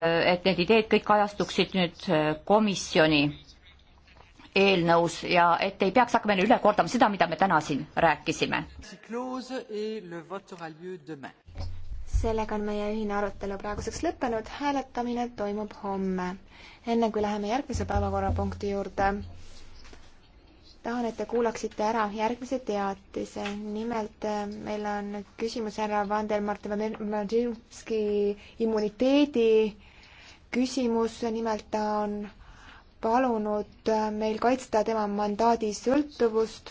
et need ideed kõik kajastuksid nüüd äh, komisjoni eelnõus ja et ei peaks hakkama üle kordama seda, mida me täna siin rääkisime. sellega on meie ühine arutelu praeguseks lõppenud, hääletamine toimub homme. enne kui läheme järgmise päevakorrapunkti juurde, tahan, et te kuulaksite ära järgmise teatise. nimelt äh, meil on küsimus härra Vandel Martin Madinski immuniteedi küsimus, nimelt ta on palunud meil kaitsta tema mandaadi sõltuvust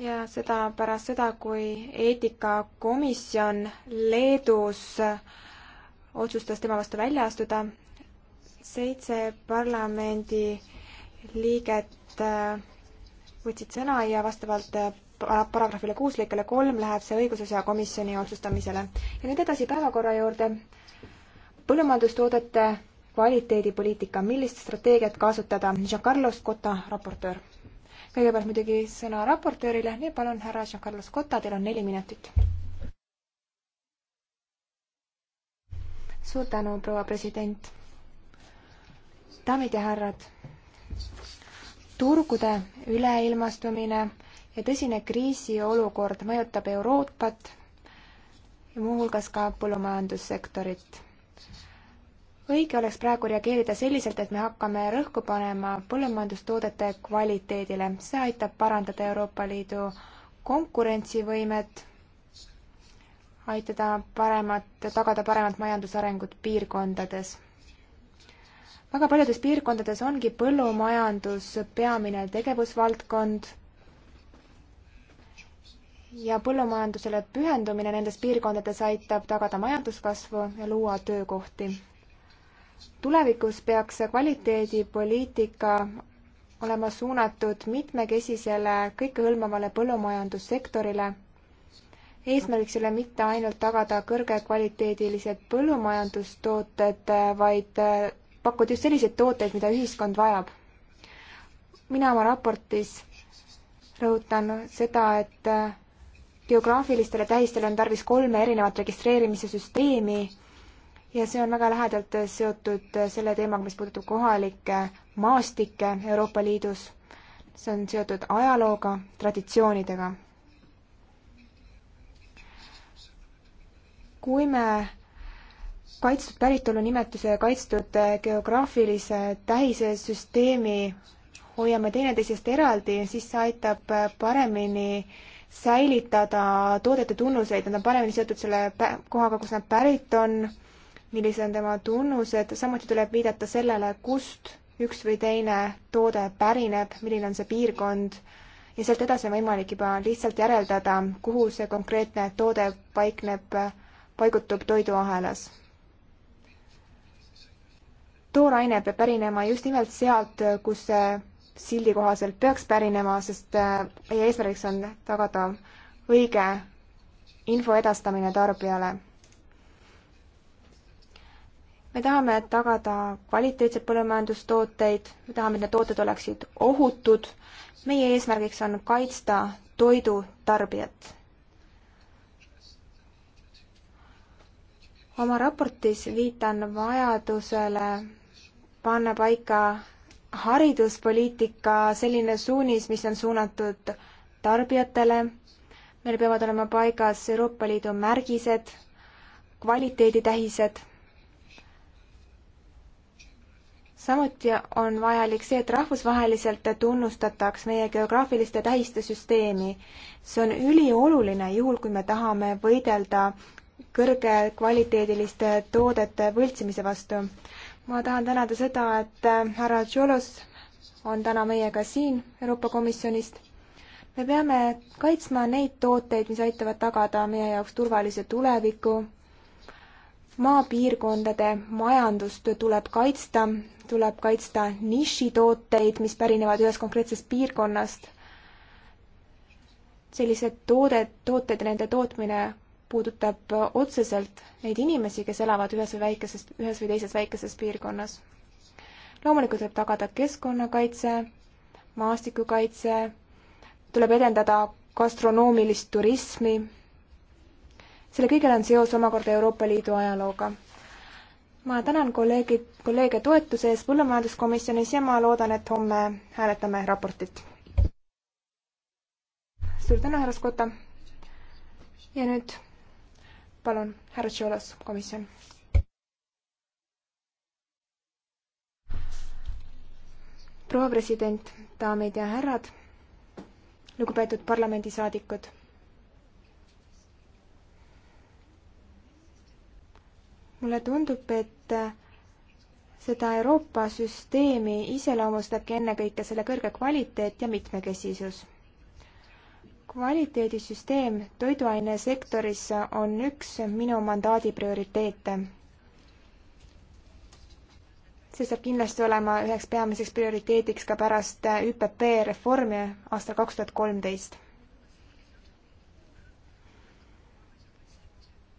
ja seda pärast seda, kui eetikakomisjon Leedus otsustas tema vastu välja astuda. seitse parlamendi liiget võtsid sõna ja vastavalt paragrahvile kuus lõikele kolm läheb see õigusasja komisjoni otsustamisele. ja nüüd edasi päevakorra juurde. põllumajandustoodete kvaliteedipoliitika, millist strateegiat kasutada? Giancarlo Scotta, raportöör. kõigepealt muidugi sõna raportöörile, nii palun, härra Giancarlo Scotta, teil on neli minutit. suur tänu, proua president. daamid ja härrad, turgude üleilmastumine ja tõsine kriisiolukord mõjutab Euroopat ja muuhulgas ka põllumajandussektorit. õige oleks praegu reageerida selliselt, et me hakkame rõhku panema põllumajandustoodete kvaliteedile, see aitab parandada Euroopa Liidu konkurentsivõimet, aitada paremat, tagada paremat majandusarengut piirkondades väga paljudes piirkondades ongi põllumajandus peamine tegevusvaldkond ja põllumajandusele pühendumine nendes piirkondades aitab tagada majanduskasvu ja luua töökohti. tulevikus peaks kvaliteedipoliitika olema suunatud mitmekesisele kõikehõlmavale põllumajandussektorile. eesmärgiks ei ole mitte ainult tagada kõrgekvaliteedilised põllumajandustooted, vaid pakkuda just selliseid tooteid, mida ühiskond vajab. mina oma raportis rõhutan seda, et geograafilistele tähistele on tarvis kolme erinevat registreerimise süsteemi ja see on väga lähedalt seotud selle teemaga, mis puudutab kohalikke maastikke Euroopa Liidus. see on seotud ajalooga, traditsioonidega. kui me kaitstud päritolu nimetuse ja kaitstud geograafilise tähise süsteemi hoiame teineteisest eraldi, siis see aitab paremini äh, säilitada toodete tunnuseid, nad on paremini seotud selle kohaga, kus nad pärit on, millised on tema tunnused, samuti tuleb viidata sellele, kust üks või teine toode pärineb, milline on see piirkond ja sealt edasi on võimalik juba lihtsalt järeldada, kuhu see konkreetne toode paikneb, paigutub toiduahelas tooraine peab pärinema just nimelt sealt, kus see sildi kohaselt peaks pärinema, sest äh, meie eesmärgiks on tagada õige info edastamine tarbijale. me tahame tagada kvaliteetseid põllumajandustooteid, me tahame, et need tooted oleksid ohutud. meie eesmärgiks on kaitsta toidu tarbijat. oma raportis viitan vajadusele panna paika hariduspoliitika selline suunis, mis on suunatud tarbijatele, meil peavad olema paigas Euroopa Liidu märgised, kvaliteeditähised. samuti on vajalik see, et rahvusvaheliselt tunnustataks meie geograafiliste tähiste süsteemi. see on ülioluline, juhul kui me tahame võidelda kõrgekvaliteediliste toodete võltsimise vastu ma tahan tänada seda, et äh, härra Tšolos on täna meiega siin Euroopa Komisjonist. me peame kaitsma neid tooteid, mis aitavad tagada meie jaoks turvalise tuleviku. maapiirkondade majandust tuleb kaitsta, tuleb kaitsta nišitooteid, mis pärinevad ühest konkreetsest piirkonnast sellised toodet, tooted ja nende tootmine puudutab otseselt neid inimesi, kes elavad ühes või väikeses, ühes või teises väikeses piirkonnas. loomulikult tuleb tagada keskkonnakaitse, maastikukaitse, tuleb edendada gastronoomilist turismi. selle kõigel on seos omakorda Euroopa Liidu ajalooga. ma tänan kolleegid, kolleege toetuse eest põllumajanduskomisjonis ja ma loodan, et homme hääletame raportit. suur tänu, härra Skotta. ja nüüd palun, härra Tšiolos, komisjon. proua president, daamid ja härrad, lugupeetud parlamendisaadikud. mulle tundub, et seda Euroopa süsteemi iseloomustabki ennekõike selle kõrge kvaliteet ja mitmekesisus kvaliteedisüsteem toiduainesektoris on üks minu mandaadi prioriteete. see saab kindlasti olema üheks peamiseks prioriteediks ka pärast ÜPP reformi aastal kaks tuhat kolmteist.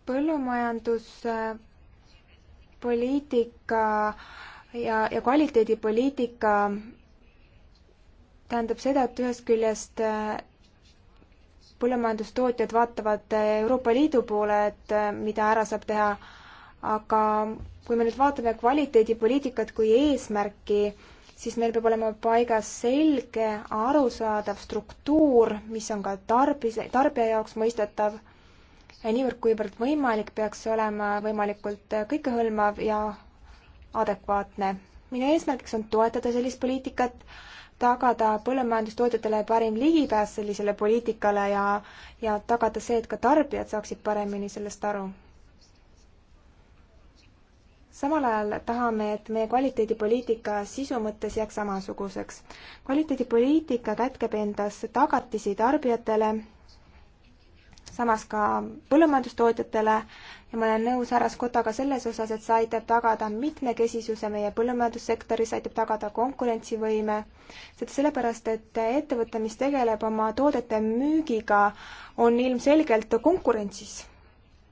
põllumajanduspoliitika ja, ja kvaliteedipoliitika tähendab seda, et ühest küljest põllumajandustootjad vaatavad eh, Euroopa Liidu poole, et eh, mida ära saab teha, aga kui me nüüd vaatame kvaliteedipoliitikat kui eesmärki, siis meil peab olema paigas selge, arusaadav struktuur, mis on ka tarbise, tarbija jaoks mõistetav ja niivõrd, kuivõrd võimalik, peaks see olema võimalikult eh, kõikehõlmav ja adekvaatne. minu eesmärgiks on toetada sellist poliitikat, tagada põllumajandustootjatele parim ligipääs sellisele poliitikale ja, ja tagada see, et ka tarbijad saaksid paremini sellest aru. samal ajal tahame, et meie kvaliteedipoliitika sisu mõttes jääks samasuguseks. kvaliteedipoliitika kätkeb endas tagatisi tarbijatele, samas ka põllumajandustootjatele ja ma olen nõus härra Skotaga selles osas, et see aitab tagada mitmekesisuse meie põllumajandussektoris, aitab tagada konkurentsivõime. seda sellepärast, et ettevõte, mis tegeleb oma toodete müügiga, on ilmselgelt konkurentsis.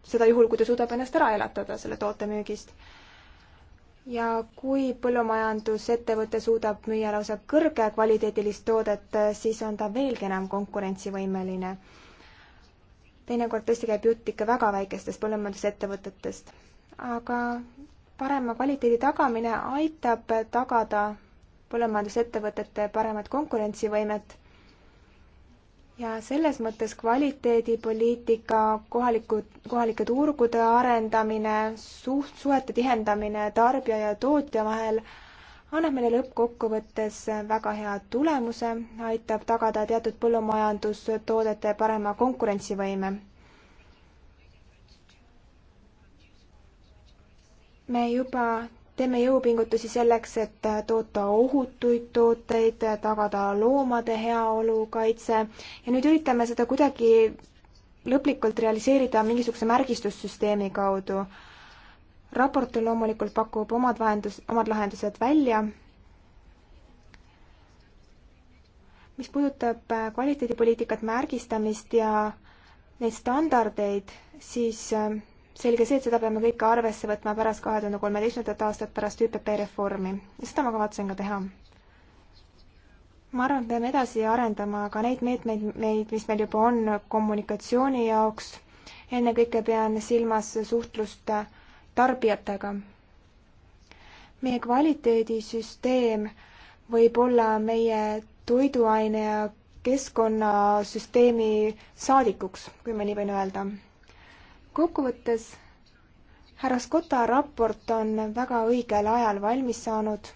seda juhul, kui ta suudab ennast ära elatada selle toote müügist. ja kui põllumajandusettevõte suudab müüa lausa kõrge kvaliteedilist toodet, siis on ta veelgi enam konkurentsivõimeline teinekord tõesti käib jutt ikka väga väikestest põllumajandusettevõtetest. aga parema kvaliteedi tagamine aitab tagada põllumajandusettevõtete paremat konkurentsivõimet ja selles mõttes kvaliteedipoliitika, kohalikud, kohalike turgude arendamine, suht-, suhete tihendamine tarbija ja tootja vahel annab meile lõppkokkuvõttes väga hea tulemuse, aitab tagada teatud põllumajandustoodete parema konkurentsivõime. me juba teeme jõupingutusi selleks, et toota ohutuid tooteid, tagada loomade heaolu, kaitse ja nüüd üritame seda kuidagi lõplikult realiseerida mingisuguse märgistussüsteemi kaudu raportöö loomulikult pakub omad vahendus, omad lahendused välja. mis puudutab äh, kvaliteedipoliitikat, märgistamist ja neid standardeid, siis äh, selge see, et seda peame kõike arvesse võtma pärast kahe tuhande kolmeteistkümnendat aastat, pärast ÜPP reformi ja seda ma kavatsen ka teha. ma arvan, et peame edasi arendama ka neid meetmeid, neid, mis meil juba on kommunikatsiooni jaoks, ennekõike pean silmas suhtlust äh, tarbijatega. meie kvaliteedisüsteem võib olla meie toiduaine ja keskkonnasüsteemi saadikuks, kui ma nii võin öelda. kokkuvõttes härra Scotta raport on väga õigel ajal valmis saanud.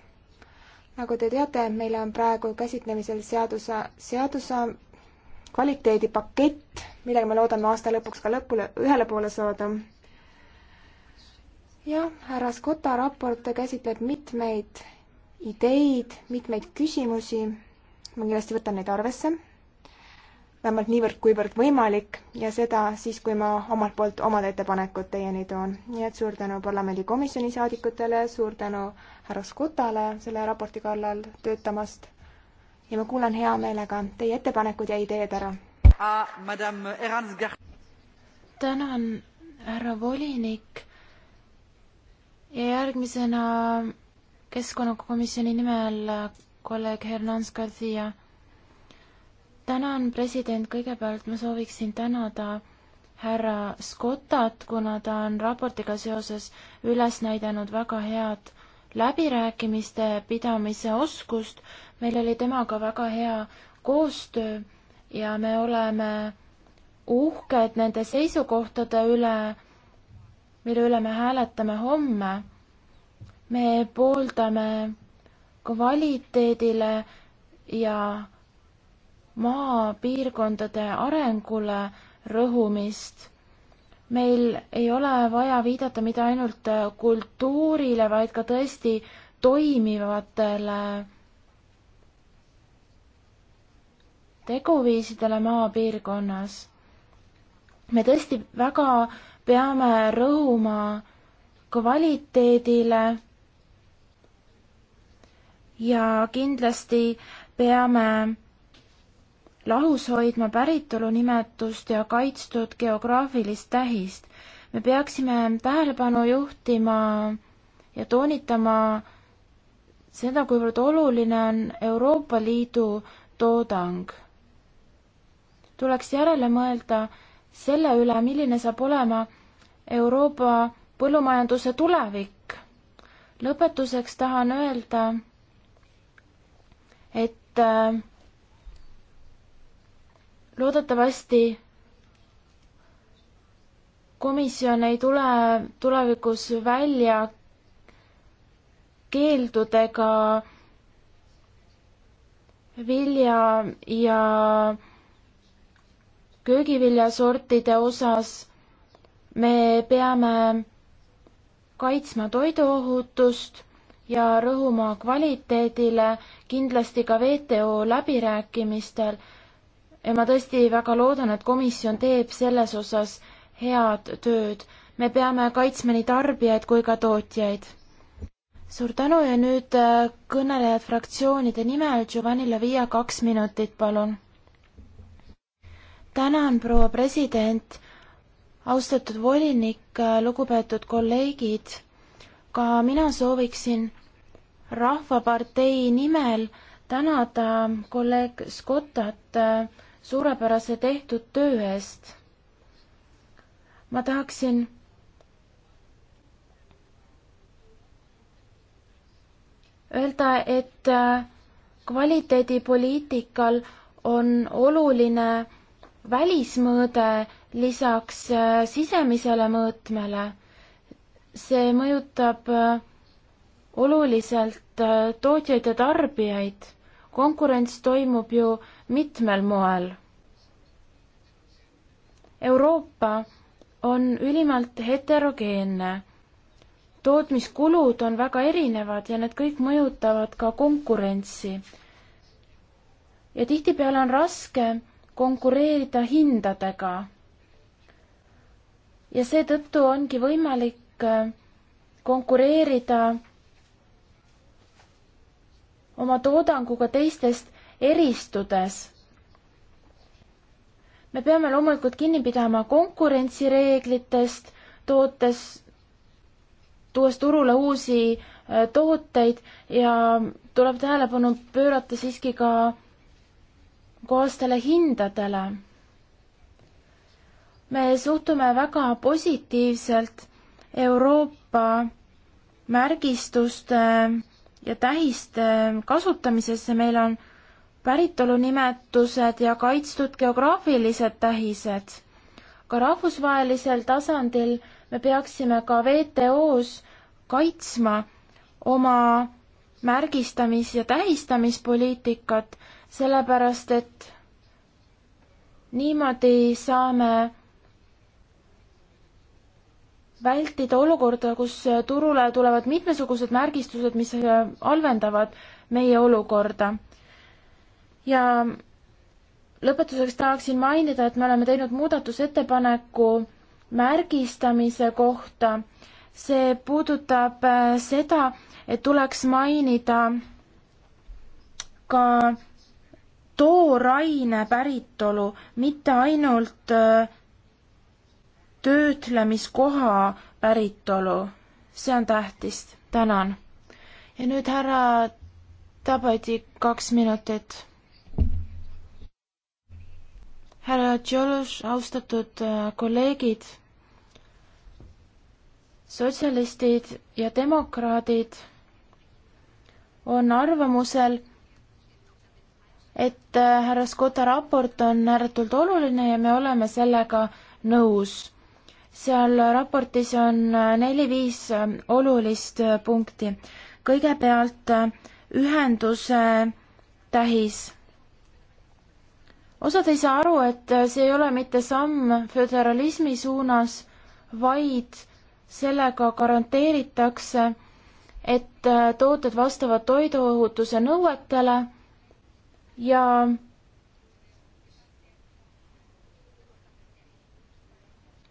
nagu te teate, meil on praegu käsitlemisel seaduse, seaduse kvaliteedipakett, millega me loodame aasta lõpuks ka lõpule, ühele poole saada jah, härra Scotta raport käsitleb mitmeid ideid, mitmeid küsimusi. ma kindlasti võtan neid arvesse, vähemalt niivõrd, kuivõrd võimalik ja seda siis, kui ma omalt poolt omad ettepanekud teieni toon. nii et suur tänu parlamendikomisjoni saadikutele, suur tänu härra Scottale selle raporti kallal töötamast ja ma kuulan hea meelega teie ettepanekud ja ideed ära. Ah, tänan, härra volinik ja järgmisena keskkonnakomisjoni nimel kolleeg Hernans Garcia. tänan, president, kõigepealt ma sooviksin tänada härra Scottat, kuna ta on raportiga seoses üles näidanud väga head läbirääkimiste pidamise oskust. meil oli temaga väga hea koostöö ja me oleme uhked nende seisukohtade üle mille üle me hääletame homme, me pooldame kvaliteedile ja maapiirkondade arengule rõhumist. meil ei ole vaja viidata mitte ainult kultuurile, vaid ka tõesti toimivatele teguviisidele maapiirkonnas. me tõesti väga peame rõhuma kvaliteedile ja kindlasti peame lahus hoidma päritolunimetust ja kaitstud geograafilist tähist. me peaksime tähelepanu juhtima ja toonitama seda, kuivõrd oluline on Euroopa Liidu toodang. tuleks järele mõelda, selle üle, milline saab olema Euroopa põllumajanduse tulevik. lõpetuseks tahan öelda, et äh, loodetavasti komisjon ei tule tulevikus välja keeldudega vilja ja köögiviljasortide osas me peame kaitsma toiduohutust ja rõhuma kvaliteedile kindlasti ka WTO läbirääkimistel ja ma tõesti väga loodan, et komisjon teeb selles osas head tööd. me peame kaitsma nii tarbijaid kui ka tootjaid. suur tänu ja nüüd äh, kõnelejad fraktsioonide nimel, Giovanni Lavia, kaks minutit, palun tänan, proua president, austatud volinik, lugupeetud kolleegid, ka mina sooviksin Rahvapartei nimel tänada kolleeg Scottat äh, suurepärase tehtud töö eest. ma tahaksin öelda, et äh, kvaliteedipoliitikal on oluline välismõõde lisaks äh, sisemisele mõõtmele. see mõjutab äh, oluliselt äh, tootjaid ja tarbijaid. konkurents toimub ju mitmel moel. Euroopa on ülimalt heterogeenne. tootmiskulud on väga erinevad ja need kõik mõjutavad ka konkurentsi. ja tihtipeale on raske konkureerida hindadega. ja seetõttu ongi võimalik äh, konkureerida oma toodanguga teistest eristudes. me peame loomulikult kinni pidama konkurentsireeglitest, tootes, tuues turule uusi äh, tooteid ja tuleb tähelepanu pöörata siiski ka kohastele hindadele. me suhtume väga positiivselt Euroopa märgistuste ja tähiste kasutamisesse, meil on päritolunimetused ja kaitstud geograafilised tähised. ka rahvusvahelisel tasandil me peaksime ka WTO-s kaitsma oma märgistamis- ja tähistamispoliitikat sellepärast et niimoodi saame vältida olukorda, kus turule tulevad mitmesugused märgistused, mis äh, halvendavad meie olukorda. ja lõpetuseks tahaksin mainida, et me oleme teinud muudatusettepaneku märgistamise kohta. see puudutab äh, seda, et tuleks mainida ka tooraine päritolu, mitte ainult äh, töötlemiskoha päritolu. see on tähtis, tänan. ja nüüd härra Tabadi kaks minutit. härra Tšolus, austatud äh, kolleegid, sotsialistid ja demokraadid on arvamusel et äh, härra Skota raport on ääretult oluline ja me oleme sellega nõus. seal raportis on äh, neli-viis äh, olulist punkti. kõigepealt ühenduse tähis. osad ei saa aru, et see ei ole mitte samm föderalismi suunas, vaid sellega garanteeritakse, et tooted vastavad toiduohutuse nõuetele ja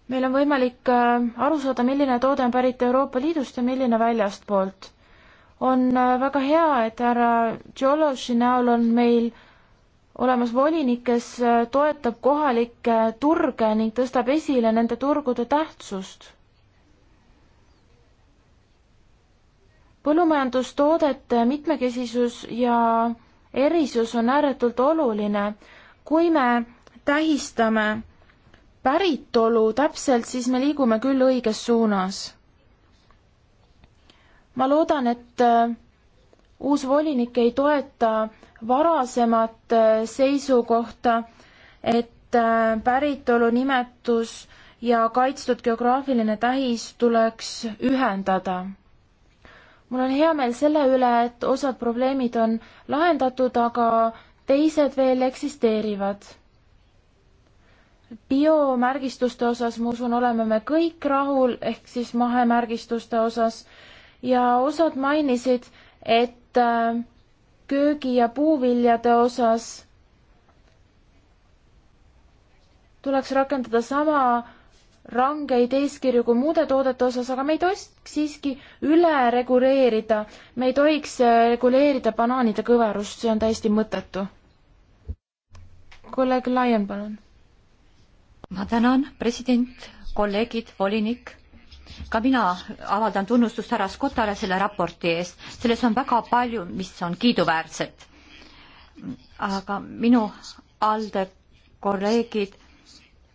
meil on võimalik äh, aru saada, milline toode on pärit Euroopa Liidust ja milline väljastpoolt. on äh, väga hea, et härra Tšološi näol on meil olemas volinik, kes äh, toetab kohalikke turge ning tõstab esile nende turgude tähtsust. põllumajandustoodete mitmekesisus ja erisus on ääretult oluline. kui me tähistame päritolu täpselt, siis me liigume küll õiges suunas. ma loodan, et äh, uus volinik ei toeta varasemat äh, seisukohta, et äh, päritolu nimetus ja kaitstud geograafiline tähis tuleks ühendada mul on hea meel selle üle, et osad probleemid on lahendatud, aga teised veel eksisteerivad. biomärgistuste osas, ma usun, oleme me kõik rahul, ehk siis mahemärgistuste osas ja osad mainisid, et äh, köögi- ja puuviljade osas tuleks rakendada sama rangeid eeskirju kui muude toodete osas, aga me ei tohiks siiski üle reguleerida. me ei tohiks äh, reguleerida banaanide kõverust, see on täiesti mõttetu. kolleeg Laian, palun. ma tänan, president, kolleegid, volinik. ka mina avaldan tunnustust härra Scottale selle raporti eest. selles on väga palju, mis on kiiduväärset. aga minu ALDE kolleegid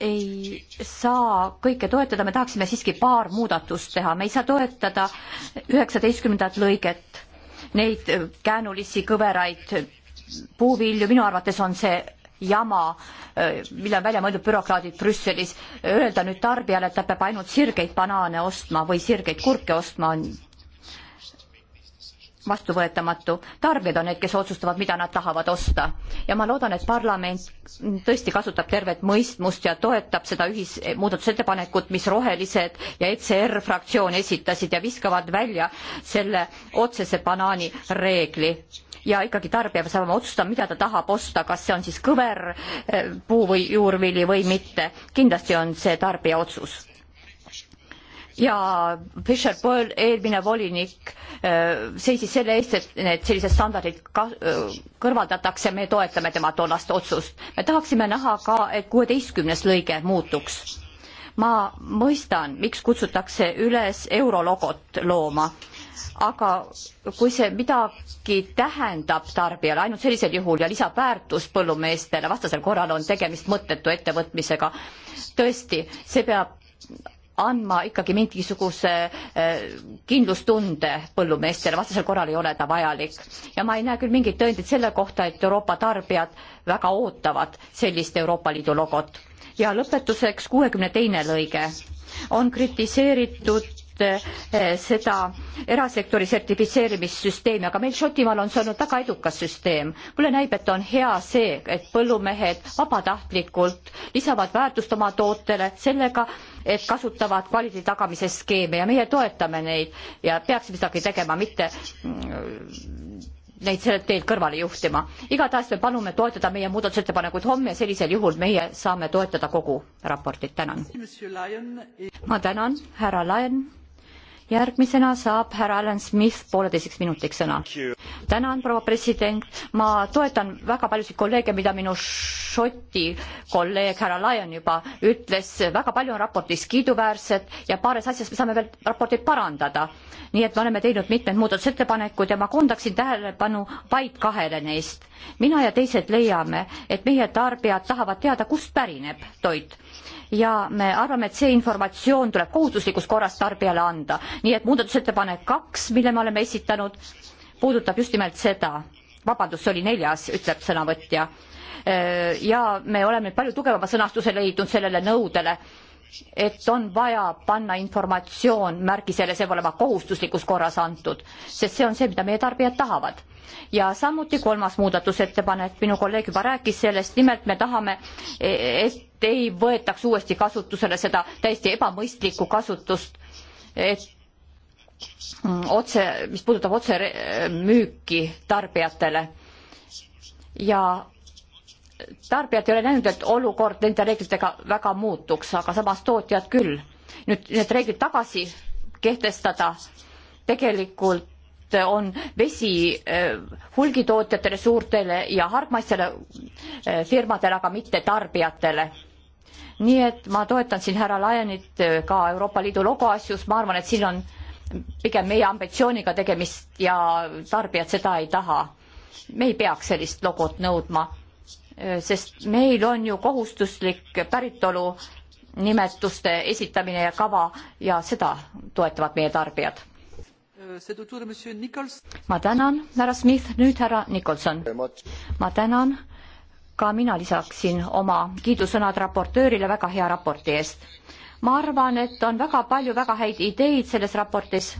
ei saa kõike toetada, me tahaksime siiski paar muudatust teha, me ei saa toetada üheksateistkümnendat lõiget, neid käänulisi kõveraid puuvilju, minu arvates on see jama, mille on välja mõeldud bürokraadid Brüsselis, öelda nüüd tarbijale, et ta peab ainult sirgeid banaane ostma või sirgeid kurke ostma, on vastuvõetamatu. tarbijad on need, kes otsustavad, mida nad tahavad osta ja ma loodan, et parlament tõesti kasutab tervet mõistmust ja toetab seda ühismuudatusettepanekut, mis Rohelised ja ECR fraktsioon esitasid ja viskavad välja selle otsese banaani reegli ja ikkagi tarbija peab saama otsustada, mida ta tahab osta, kas see on siis kõverpuu eh, või juurvili või mitte. kindlasti on see tarbija otsus ja Fisher Boel, eelmine volinik, äh, seisis selle eest, et need sellised standardid ka, äh, kõrvaldatakse, me toetame tema toonast otsust. me tahaksime näha ka, et kuueteistkümnes lõige muutuks. ma mõistan, miks kutsutakse üles eurologot looma, aga kui see midagi tähendab tarbijale ainult sellisel juhul ja lisab väärtust põllumeestele, vastasel korral on tegemist mõttetu ettevõtmisega. tõesti, see peab andma ikkagi mingisuguse eh, kindlustunde põllumeestele, vastasel korral ei ole ta vajalik. ja ma ei näe küll mingit tõendit selle kohta, et Euroopa tarbijad väga ootavad sellist Euroopa Liidu logot. ja lõpetuseks kuuekümne teine lõige on kritiseeritud eh, seda erasektori sertifitseerimissüsteemi, aga meil Šotimaal on see olnud väga edukas süsteem. mulle näib, et on hea see, et põllumehed vabatahtlikult lisavad väärtust oma tootele sellega, et kasutavad kvaliteedi tagamise skeeme ja meie toetame neid ja peaksime midagi tegema, mitte mm, neid sellelt teelt kõrvale juhtima. igatahes me palume toetada meie muudatusettepanekuid homme ja sellisel juhul meie saame toetada kogu raportit, tänan. ma tänan, härra Laen järgmisena saab härra Alan Smith pooleteiseks minutiks sõna. tänan, proua president, ma toetan väga paljusid kolleege, mida minu Šoti kolleeg härra Lyon juba ütles, väga palju on raportis kiiduväärset ja paares asjas me saame veel raportit parandada. nii et me oleme teinud mitmed muudatusettepanekud ja ma koondaksin tähelepanu vaid kahele neist. mina ja teised leiame, et meie tarbijad tahavad teada, kust pärineb toit ja me arvame, et see informatsioon tuleb kohustuslikus korras tarbijale anda. nii et muudatusettepanek kaks, mille me oleme esitanud, puudutab just nimelt seda, vabandust, see oli neljas, ütleb sõnavõtja. ja me oleme palju tugevama sõnastuse leidnud sellele nõudele, et on vaja panna informatsioon märgisele, see peab olema kohustuslikus korras antud, sest see on see, mida meie tarbijad tahavad. ja samuti kolmas muudatusettepanek, minu kolleeg juba rääkis sellest, nimelt me tahame, e, et ei võetaks uuesti kasutusele seda täiesti ebamõistlikku kasutust, et mm, otse, mis puudutab otsemüüki tarbijatele ja tarbijad ei ole näinud, et olukord nende reeglitega väga muutuks, aga samas tootjad küll. nüüd need reeglid tagasi kehtestada tegelikult on vesi eh, hulgitootjatele suurtele ja hargmaistele eh, firmadele, aga mitte tarbijatele. nii et ma toetan siin härra Laianit eh, ka Euroopa Liidu logo asjus, ma arvan, et siin on pigem meie ambitsiooniga tegemist ja tarbijad seda ei taha. me ei peaks sellist logot nõudma, sest meil on ju kohustuslik päritolu nimetuste esitamine ja kava ja seda toetavad meie tarbijad ma tänan, härra Smith, nüüd härra Nicholson. ma tänan, ka mina lisaksin oma kiidusõnad raportöörile väga hea raporti eest ma arvan, et on väga palju väga häid ideid selles raportis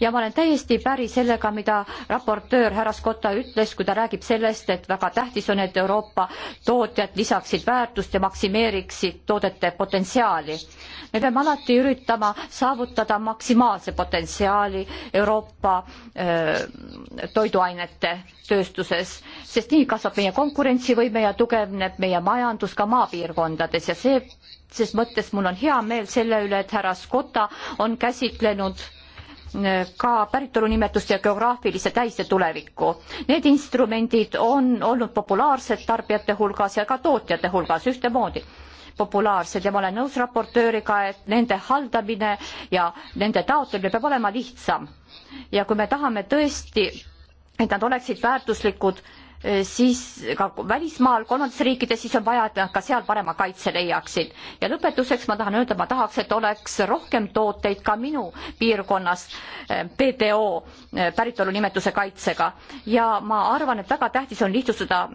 ja ma olen täiesti päri sellega, mida raportöör härra Skotta ütles, kui ta räägib sellest, et väga tähtis on, et Euroopa tootjad lisaksid väärtust ja maksimeeriksid toodete potentsiaali. me peame alati üritama saavutada maksimaalse potentsiaali Euroopa öö, äh, toiduainete tööstuses, sest nii kasvab meie konkurentsivõime ja tugevneb meie majandus ka maapiirkondades ja see ses mõttes mul on hea meel selle üle, et härra Skotta on käsitlenud äh, ka päritolunimetuste ja geograafilise tähiste tulevikku. Need instrumendid on olnud populaarsed tarbijate hulgas ja ka tootjate hulgas ühtemoodi populaarsed ja ma olen nõus raportööriga, et nende haldamine ja nende taotlemine peab olema lihtsam. ja kui me tahame tõesti, et nad oleksid väärtuslikud Äh, siis ka välismaal, kolmandates riikides, siis on vaja, et nad ka seal parema kaitse leiaksid. ja lõpetuseks ma tahan öelda, ma tahaks, et oleks rohkem tooteid ka minu piirkonnas äh, PPO äh, päritolunimetuse kaitsega ja ma arvan, et väga tähtis on lihtsustada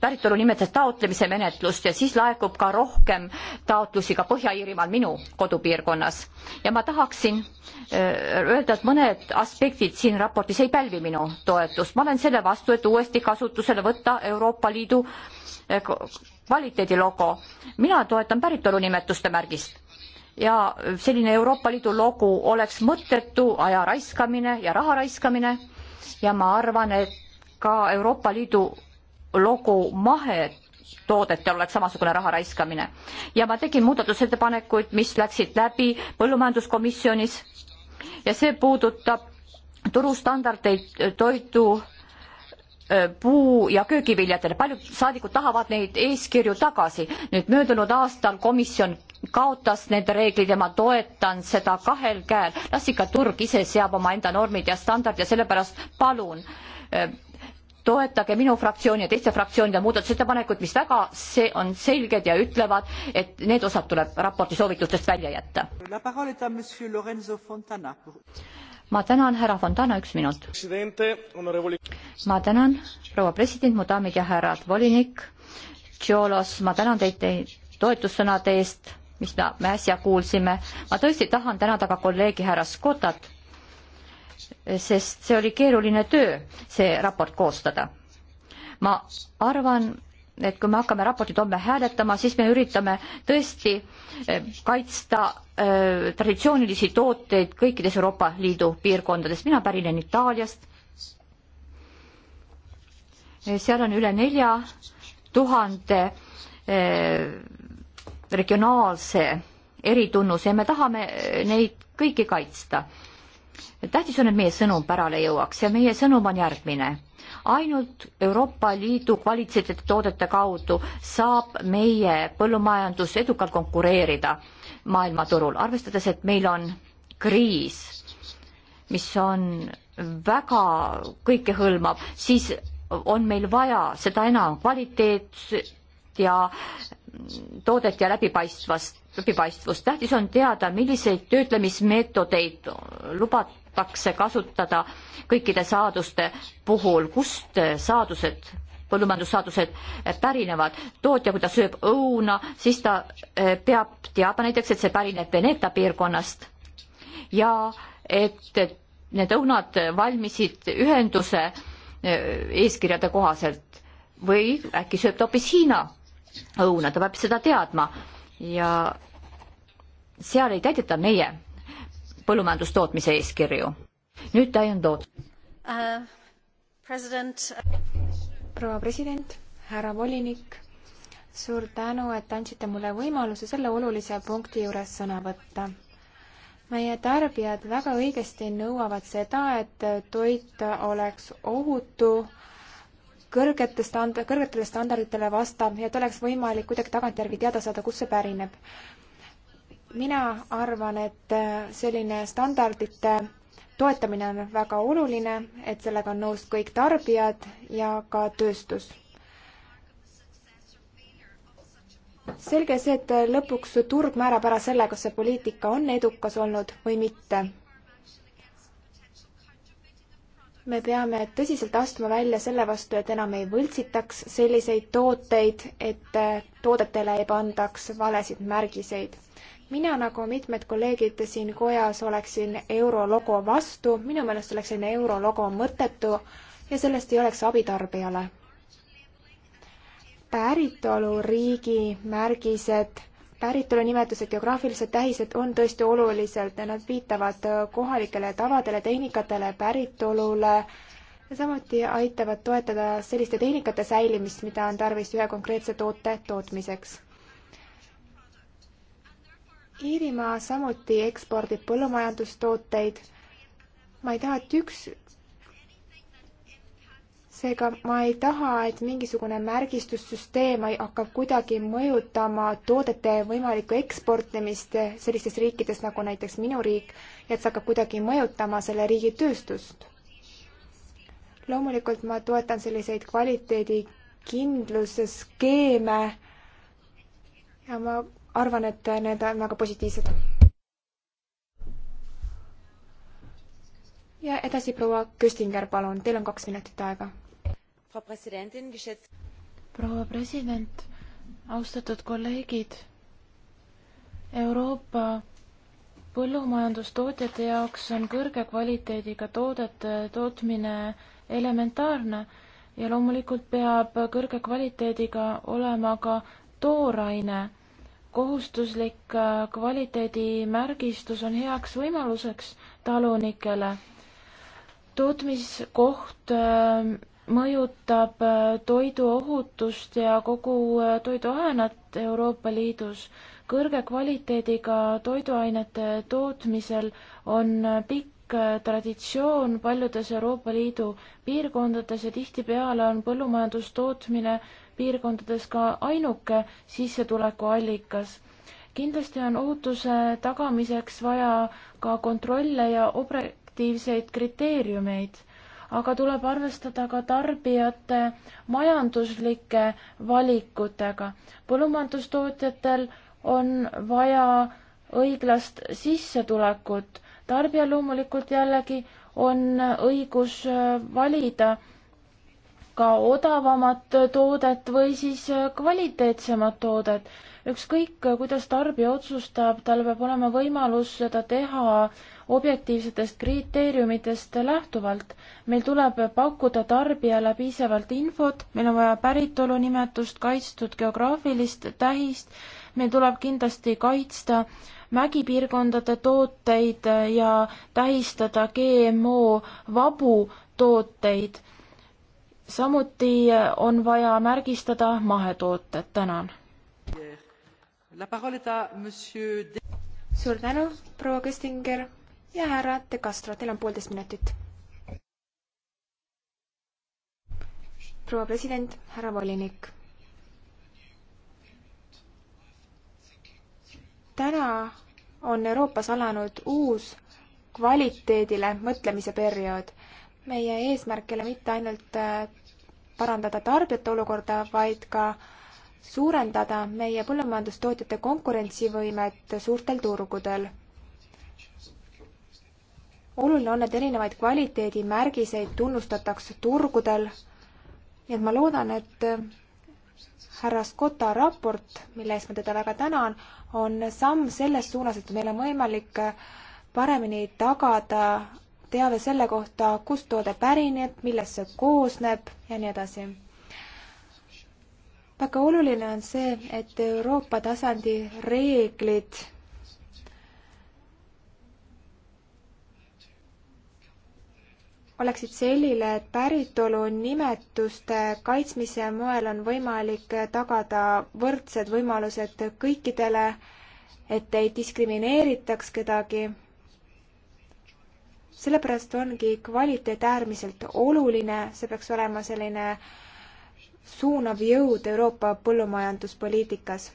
päritolunimetuse taotlemise menetlust ja siis laekub ka rohkem taotlusi ka Põhja-Iirimaal, minu kodupiirkonnas. ja ma tahaksin öelda, et mõned aspektid siin raportis ei pälvi minu toetust, ma olen selle vastu, et uuesti kasutusele võtta Euroopa Liidu eh, kvaliteedilogo. mina toetan päritolunimetuste märgist ja selline Euroopa Liidu lugu oleks mõttetu aja raiskamine ja raha raiskamine ja ma arvan, et ka Euroopa Liidu lugu mahetoodetel oleks samasugune raha raiskamine. ja ma tegin muudatusettepanekuid, mis läksid läbi põllumajanduskomisjonis ja see puudutab turustandardeid toidu puu- ja köögiviljadele, paljud saadikud tahavad neid eeskirju tagasi. nüüd möödunud aastal komisjon kaotas need reeglid ja ma toetan seda kahel käel. las ikka turg ise seab omaenda normid ja standard ja sellepärast palun toetage minu fraktsiooni ja teiste fraktsioonide muudatusettepanekuid, mis väga see on selged ja ütlevad, et need osad tuleb raporti soovitustest välja jätta ma tänan, härra Fontana, üks minut. ma tänan, proua president, mu daamid ja härrad, volinik Tšiolos, ma tänan teid teie toetussõnade eest, mis me äsja kuulsime. ma tõesti tahan tänada ka kolleegi härra Skotat, sest see oli keeruline töö, see raport koostada. ma arvan, et kui me hakkame raportit homme hääletama, siis me üritame tõesti eh, kaitsta äh, traditsioonilisi tooteid kõikides Euroopa Liidu piirkondades. mina pärinen Itaaliast. Eh, seal on üle nelja tuhande äh, regionaalse eritunnuse ja me tahame neid kõiki kaitsta tähtis on, et meie sõnum pärale jõuaks ja meie sõnum on järgmine. ainult Euroopa Liidu kvaliteetsete toodete kaudu saab meie põllumajandus edukalt konkureerida maailmaturul, arvestades, et meil on kriis, mis on väga kõikehõlmav, siis on meil vaja seda enam kvaliteet ja toodet ja läbipaistvast läbipaistvust. tähtis on teada, milliseid töötlemismeetodeid lubatakse kasutada kõikide saaduste puhul, kust saadused, põllumajandussaadused pärinevad. tootja, kui ta sööb õuna, siis ta eh, peab teadma näiteks, et see pärineb Veneta piirkonnast ja et need õunad valmisid ühenduse eh, eeskirjade kohaselt või äkki sööb ta hoopis Hiina õuna, ta peab seda teadma ja seal ei täideta meie põllumajandustootmise eeskirju. nüüd Diane Toot uh,. president. proua president, härra volinik, suur tänu, et andsite mulle võimaluse selle olulise punkti juures sõna võtta meie tarbijad väga õigesti nõuavad seda, et toit oleks ohutu kõrgete stand-, kõrgetele standarditele vastav ja et oleks võimalik kuidagi tagantjärgi teada saada, kust see pärineb. mina arvan, et äh, selline standardite toetamine on väga oluline, et sellega on nõus kõik tarbijad ja ka tööstus. selge see, et lõpuks turg määrab ära selle, kas see poliitika on edukas olnud või mitte me peame tõsiselt astuma välja selle vastu, et enam ei võltsitaks selliseid tooteid, et eh, toodetele ei pandaks valesid märgiseid. mina, nagu mitmed kolleegid siin kojas, oleksin eurologo vastu, minu meelest oleks selline eurologo mõttetu ja sellest ei oleks abi tarbijale. päritoluriigi märgised päritolunimetused, geograafilised tähised on tõesti olulised, nad viitavad äh, kohalikele tavadele, tehnikatele, päritolule, samuti aitavad toetada selliste tehnikate säilimist, mida on tarvis ühe konkreetse toote tootmiseks. Iirimaa samuti ekspordib põllumajandustooteid. ma ei taha, et üks seega ma ei taha, et mingisugune märgistussüsteem hakkab kuidagi mõjutama toodete võimalikku eksportimist sellistes riikides nagu näiteks minu riik ja et see hakkab kuidagi mõjutama selle riigi tööstust. loomulikult ma toetan selliseid kvaliteedikindluse skeeme ja ma arvan, et need on väga positiivsed. ja edasi proua Köstinger, palun, teil on kaks minutit aega proua president, austatud kolleegid. Euroopa põllumajandustootjate jaoks on kõrge kvaliteediga toodete tootmine elementaarne ja loomulikult peab kõrge kvaliteediga olema ka tooraine. kohustuslik äh, kvaliteedimärgistus on heaks võimaluseks talunikele. tootmiskoht äh, mõjutab äh, toiduohutust ja kogu äh, toiduahenat Euroopa Liidus. kõrge kvaliteediga toiduainete tootmisel on äh, pikk traditsioon paljudes Euroopa Liidu piirkondades ja tihtipeale on põllumajandustootmine piirkondades ka ainuke sissetulekuallikas. kindlasti on ohutuse tagamiseks vaja ka kontrolle ja objektiivseid kriteeriumeid aga tuleb arvestada ka tarbijate majanduslike valikutega. põllumajandustootjatel on vaja õiglast sissetulekut, tarbijal loomulikult jällegi on õigus äh, valida ka odavamat toodet või siis äh, kvaliteetsemat toodet. ükskõik, kuidas tarbija otsustab, tal peab olema võimalus seda teha objektiivsetest kriteeriumitest lähtuvalt. meil tuleb pakkuda tarbijale piisavalt infot, meil on vaja päritolunimetust, kaitstud geograafilist tähist, meil tuleb kindlasti kaitsta mägipiirkondade tooteid ja tähistada GMO vabu tooteid. samuti on vaja märgistada mahetooted, tänan. suur tänu, proua Köstinger ja härra De Castro, teil on poolteist minutit. proua president, härra volinik. täna on Euroopas alanud uus kvaliteedile mõtlemise periood. meie eesmärk ei ole mitte ainult äh, parandada tarbijate olukorda, vaid ka suurendada meie põllumajandustootjate konkurentsivõimet suurtel turgudel oluline on, et erinevaid kvaliteedimärgiseid tunnustatakse turgudel. nii et ma loodan, et härra Scotta raport, mille eest ma teda väga tänan, on samm selles suunas, et meil on võimalik paremini tagada teave selle kohta, kust toode pärineb, millest see koosneb ja nii edasi. väga oluline on see, et Euroopa tasandi reeglid oleksid selline, et päritolu nimetuste kaitsmise moel on võimalik tagada võrdsed võimalused kõikidele, et ei diskrimineeritaks kedagi. sellepärast ongi kvaliteet äärmiselt oluline, see peaks olema selline suunav jõud Euroopa põllumajanduspoliitikas.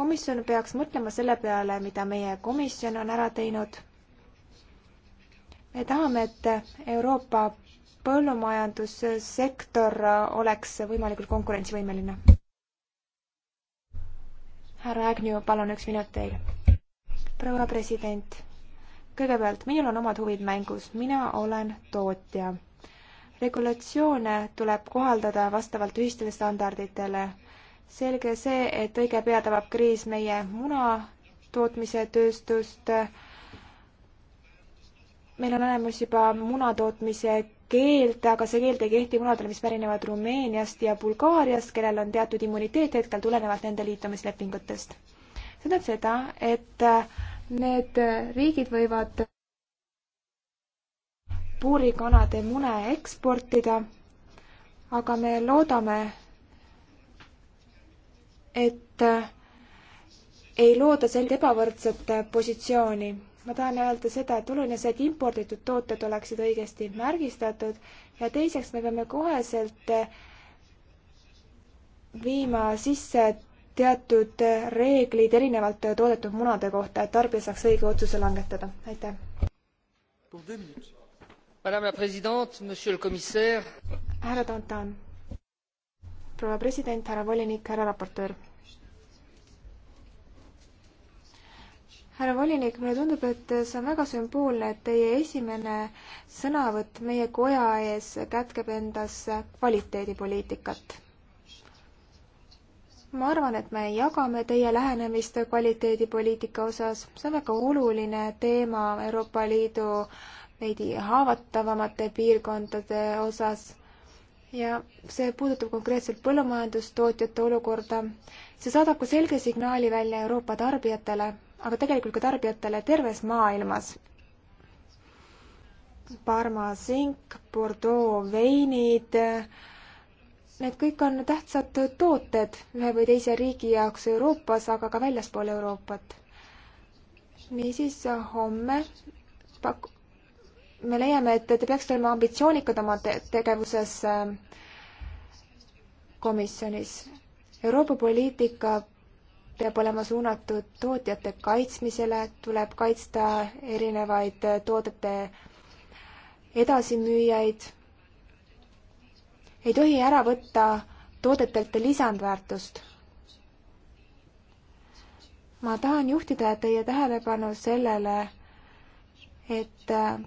komisjon peaks mõtlema selle peale, mida meie komisjon on ära teinud me tahame, et Euroopa põllumajandussektor oleks võimalikult konkurentsivõimeline. härra Ägnu, palun üks minut teil. proua president, kõigepealt, minul on omad huvid mängus, mina olen tootja. regulatsioone tuleb kohaldada vastavalt ühistele standarditele. selge see, et õige pea tabab kriis meie muna tootmise tööstust meil on olemas juba munatootmise keeld, aga see keeld ei kehti munadele, mis pärinevad Rumeeniast ja Bulgaariast, kellel on teatud immuniteet hetkel tulenevalt nende liitumislepingutest. see tähendab seda, et äh, need äh, riigid võivad puurikanade mune eksportida, aga me loodame, et äh, ei looda sellist ebavõrdset positsiooni ma tahan öelda seda, et oluline see, et imporditud tooted oleksid õigesti märgistatud ja teiseks me peame koheselt viima sisse teatud reeglid erinevalt toodetud munade kohta, et tarbija saaks õige otsuse langetada. aitäh. härra Dantan. proua president, härra volinik, härra raportöör härra volinik, mulle tundub, et see on väga sümboolne, et teie esimene sõnavõtt meie koja ees kätkeb endas kvaliteedipoliitikat. ma arvan, et me jagame teie lähenemist kvaliteedipoliitika osas, see on väga oluline teema Euroopa Liidu veidi haavatavamate piirkondade osas ja see puudutab konkreetselt põllumajandustootjate olukorda. see saadab ka selge signaali välja Euroopa tarbijatele aga tegelikult ka tarbijatele terves maailmas. Parma sink, Bordeaux veinid, need kõik on tähtsad tooted ühe või teise riigi jaoks Euroopas, aga ka väljaspool Euroopat. niisiis homme pak-, me leiame, et te peaksite olema ambitsioonikad oma te tegevuses äh, komisjonis. Euroopa poliitika peab olema suunatud tootjate kaitsmisele, tuleb kaitsta erinevaid toodete edasimüüjaid. ei tohi ära võtta toodetelt lisandväärtust. ma tahan juhtida teie tähelepanu sellele, et äh,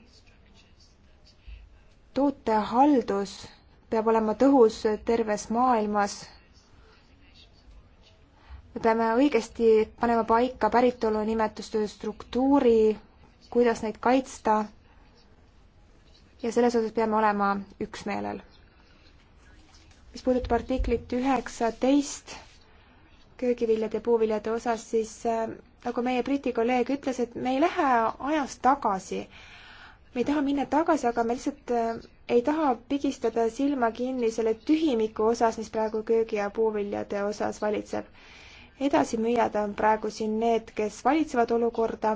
tootehaldus peab olema tõhus terves maailmas me peame õigesti panema paika päritolunimetuste struktuuri, kuidas neid kaitsta ja selles osas peame olema üksmeelel. mis puudutab artiklit üheksateist köögiviljade ja puuviljade osas, siis äh, nagu meie Briti kolleeg ütles, et me ei lähe ajas tagasi. me ei taha minna tagasi, aga me lihtsalt äh, ei taha pigistada silma kinni selle tühimiku osas, mis praegu köögi ja puuviljade osas valitseb edasimüüjad on praegu siin need, kes valitsevad olukorda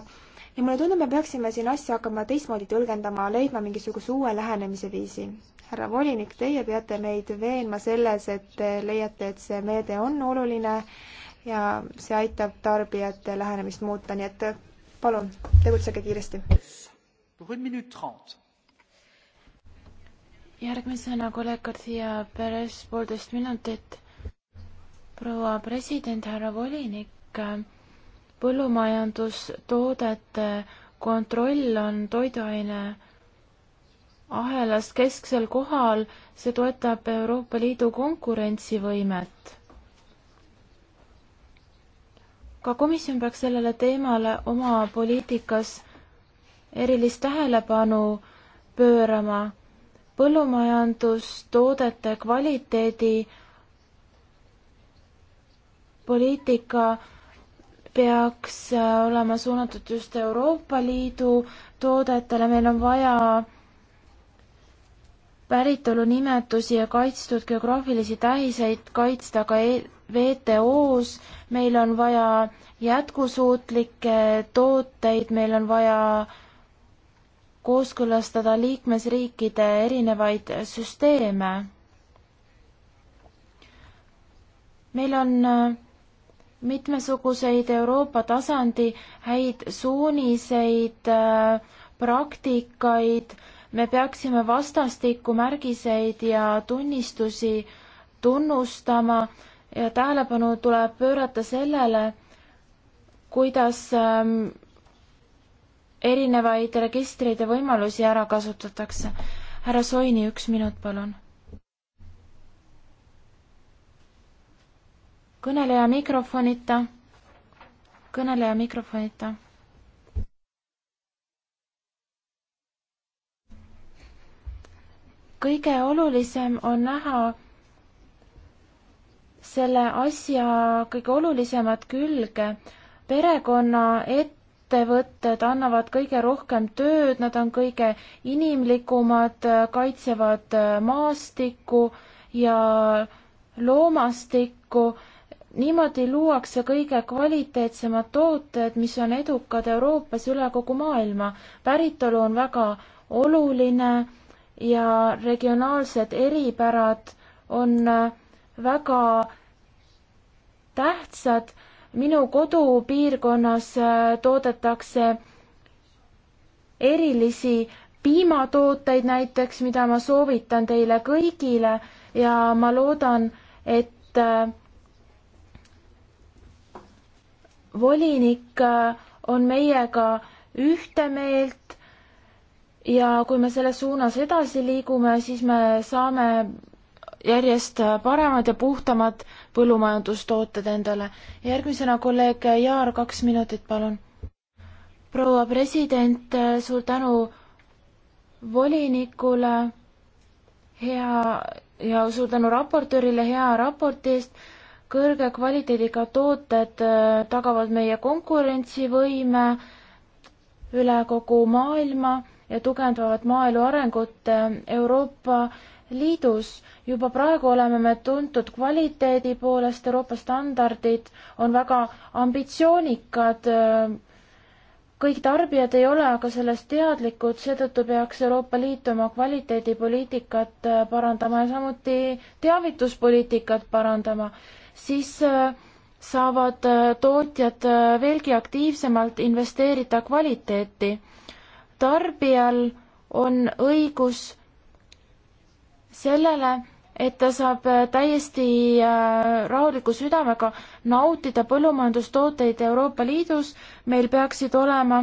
ja mulle tundub, me peaksime siin asja hakkama teistmoodi tõlgendama, leidma mingisuguse uue lähenemise viisi. härra volinik, teie peate meid veenma selles, et te leiate, et see meede on oluline ja see aitab tarbijate lähenemist muuta, nii et palun, tegutsege kiiresti. järgmisena kolleeg Garcia Perez, poolteist minutit proua president, härra volinik, põllumajandustoodete kontroll on toiduaine ahelas kesksel kohal, see toetab Euroopa Liidu konkurentsivõimet. ka komisjon peaks sellele teemale oma poliitikas erilist tähelepanu pöörama. põllumajandustoodete kvaliteedi poliitika peaks äh, olema suunatud just Euroopa Liidu toodetele, meil on vaja päritolunimetusi ja kaitstud geograafilisi tähiseid kaitsta ka WTO-s, e-, meil on vaja jätkusuutlikke tooteid, meil on vaja kooskõlastada liikmesriikide erinevaid süsteeme. meil on äh, mitmesuguseid Euroopa tasandi häid suuniseid, äh, praktikaid, me peaksime vastastikku märgiseid ja tunnistusi tunnustama ja tähelepanu tuleb pöörata sellele, kuidas ähm, erinevaid registreid ja võimalusi ära kasutatakse. härra Soini, üks minut, palun kõneleja mikrofonita, kõneleja mikrofonita. kõige olulisem on näha selle asja kõige olulisemat külge. perekonna ettevõtted annavad kõige rohkem tööd, nad on kõige inimlikumad, kaitsevad maastikku ja loomastikku niimoodi luuakse kõige kvaliteetsemad tooted, mis on edukad Euroopas üle kogu maailma. päritolu on väga oluline ja regionaalsed eripärad on äh, väga tähtsad. minu kodupiirkonnas äh, toodetakse erilisi piimatooteid näiteks, mida ma soovitan teile kõigile ja ma loodan, et äh, volinik äh, on meiega ühte meelt ja kui me selles suunas edasi liigume, siis me saame järjest paremad ja puhtamad põllumajandustooted endale. järgmisena kolleeg Jaar, kaks minutit, palun. proua president, suur tänu volinikule hea ja suur tänu raportöörile hea raporti eest kõrge kvaliteediga tooted äh, tagavad meie konkurentsivõime üle kogu maailma ja tugevdavad maaelu arengut äh, Euroopa Liidus. juba praegu oleme me tuntud kvaliteedi poolest, Euroopa standardid on väga ambitsioonikad, äh, kõik tarbijad ei ole aga sellest teadlikud, seetõttu peaks Euroopa Liit oma kvaliteedipoliitikat parandama ja samuti teavituspoliitikat parandama siis äh, saavad äh, tootjad äh, veelgi aktiivsemalt investeerida kvaliteeti. tarbijal on õigus sellele, et ta saab täiesti rahuliku südamega nautida põllumajandustooteid Euroopa Liidus, meil peaksid olema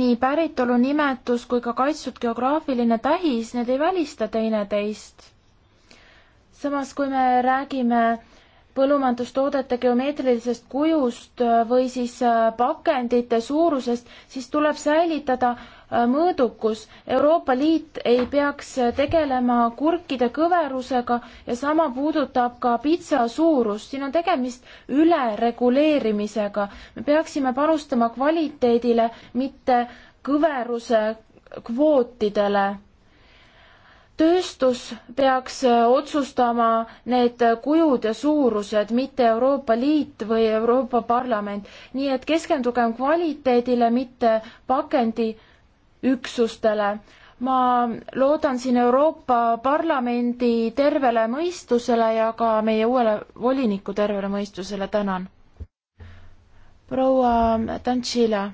nii päritolunimetus kui ka kaitstud geograafiline tähis, need ei välista teineteist. samas, kui me räägime põllumajandustoodete geomeetrilisest kujust äh, või siis äh, pakendite suurusest, siis tuleb säilitada äh, mõõdukus. Euroopa Liit ei peaks tegelema kurkide kõverusega ja sama puudutab ka pitsa suurust. siin on tegemist ülereguleerimisega. me peaksime panustama kvaliteedile, mitte kõveruse kvootidele tööstus peaks äh, otsustama need äh, kujud ja suurused, mitte Euroopa Liit või Euroopa Parlament. nii et keskendugem kvaliteedile, mitte pakendiüksustele. ma loodan siin Euroopa Parlamendi tervele mõistusele ja ka meie uuele voliniku tervele mõistusele, tänan. proua Tantšile.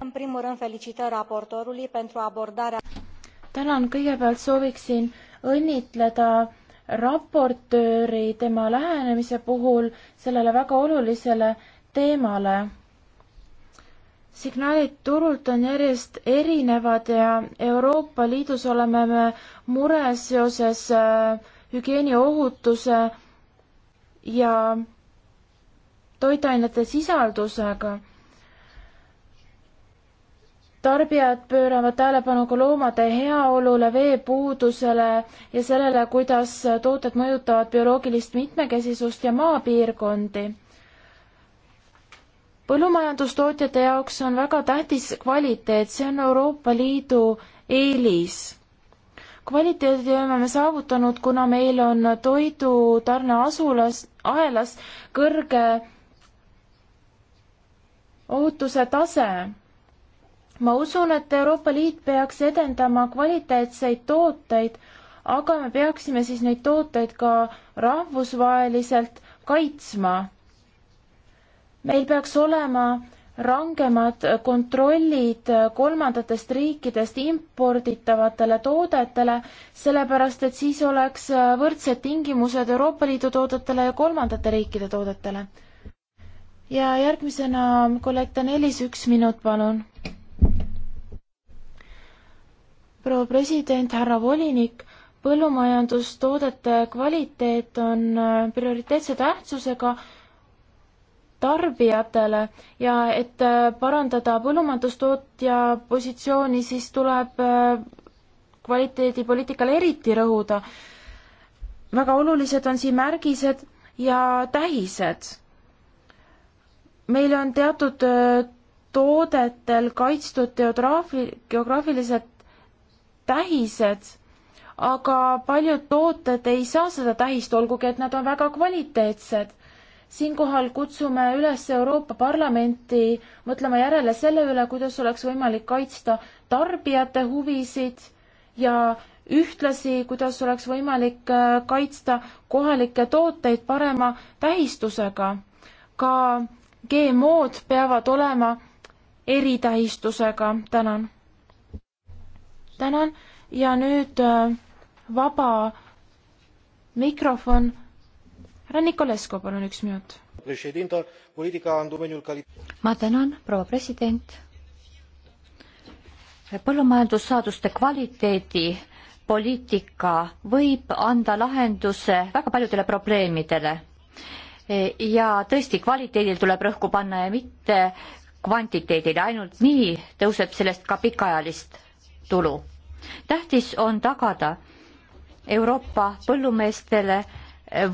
în primul rând felicitări raportorului pentru abordarea tänan, kõigepealt sooviksin õnnitleda raportööri tema lähenemise puhul sellele väga olulisele teemale. signaalid turult on järjest erinevad ja Euroopa Liidus oleme me mures seoses äh, hügieeniohutuse ja toiduainete sisaldusega tarbijad pööravad tähelepanu ka loomade heaolule, veepuudusele ja sellele, kuidas tooted mõjutavad bioloogilist mitmekesisust ja maapiirkondi. põllumajandustootjate jaoks on väga tähtis kvaliteet, see on Euroopa Liidu eelis. kvaliteedi oleme me saavutanud, kuna meil on toidutarne asulas, ahelas kõrge ohutuse tase ma usun, et Euroopa Liit peaks edendama kvaliteetseid tooteid, aga me peaksime siis neid tooteid ka rahvusvaheliselt kaitsma. meil peaks olema rangemad kontrollid kolmandatest riikidest imporditavatele toodetele, sellepärast et siis oleks võrdsed tingimused Euroopa Liidu toodetele ja kolmandate riikide toodetele. ja järgmisena kolleeg Danelis, üks minut, palun proua president, härra volinik, põllumajandustoodete kvaliteet on äh, prioriteetse tähtsusega tarbijatele ja et äh, parandada põllumajandustootja positsiooni, siis tuleb äh, kvaliteedipoliitikale eriti rõhuda. väga olulised on siin märgised ja tähised. meil on teatud toodetel kaitstud geograafi-, geograafilised tähised, aga paljud tooted ei saa seda tähist, olgugi et nad on väga kvaliteetsed. siinkohal kutsume üles Euroopa Parlamenti mõtlema järele selle üle, kuidas oleks võimalik kaitsta tarbijate huvisid ja ühtlasi, kuidas oleks võimalik äh, kaitsta kohalikke tooteid parema tähistusega. ka GMO-d peavad olema eritähistusega, tänan tänan ja nüüd äh, vaba mikrofon. härra Nikolesko, palun üks minut. ma tänan, proua president. põllumajandussaaduste kvaliteedi poliitika võib anda lahenduse väga paljudele probleemidele. ja tõesti, kvaliteedil tuleb rõhku panna ja mitte kvantiteedile, ainult nii tõuseb sellest ka pikaajalist tulu. tähtis on tagada Euroopa põllumeestele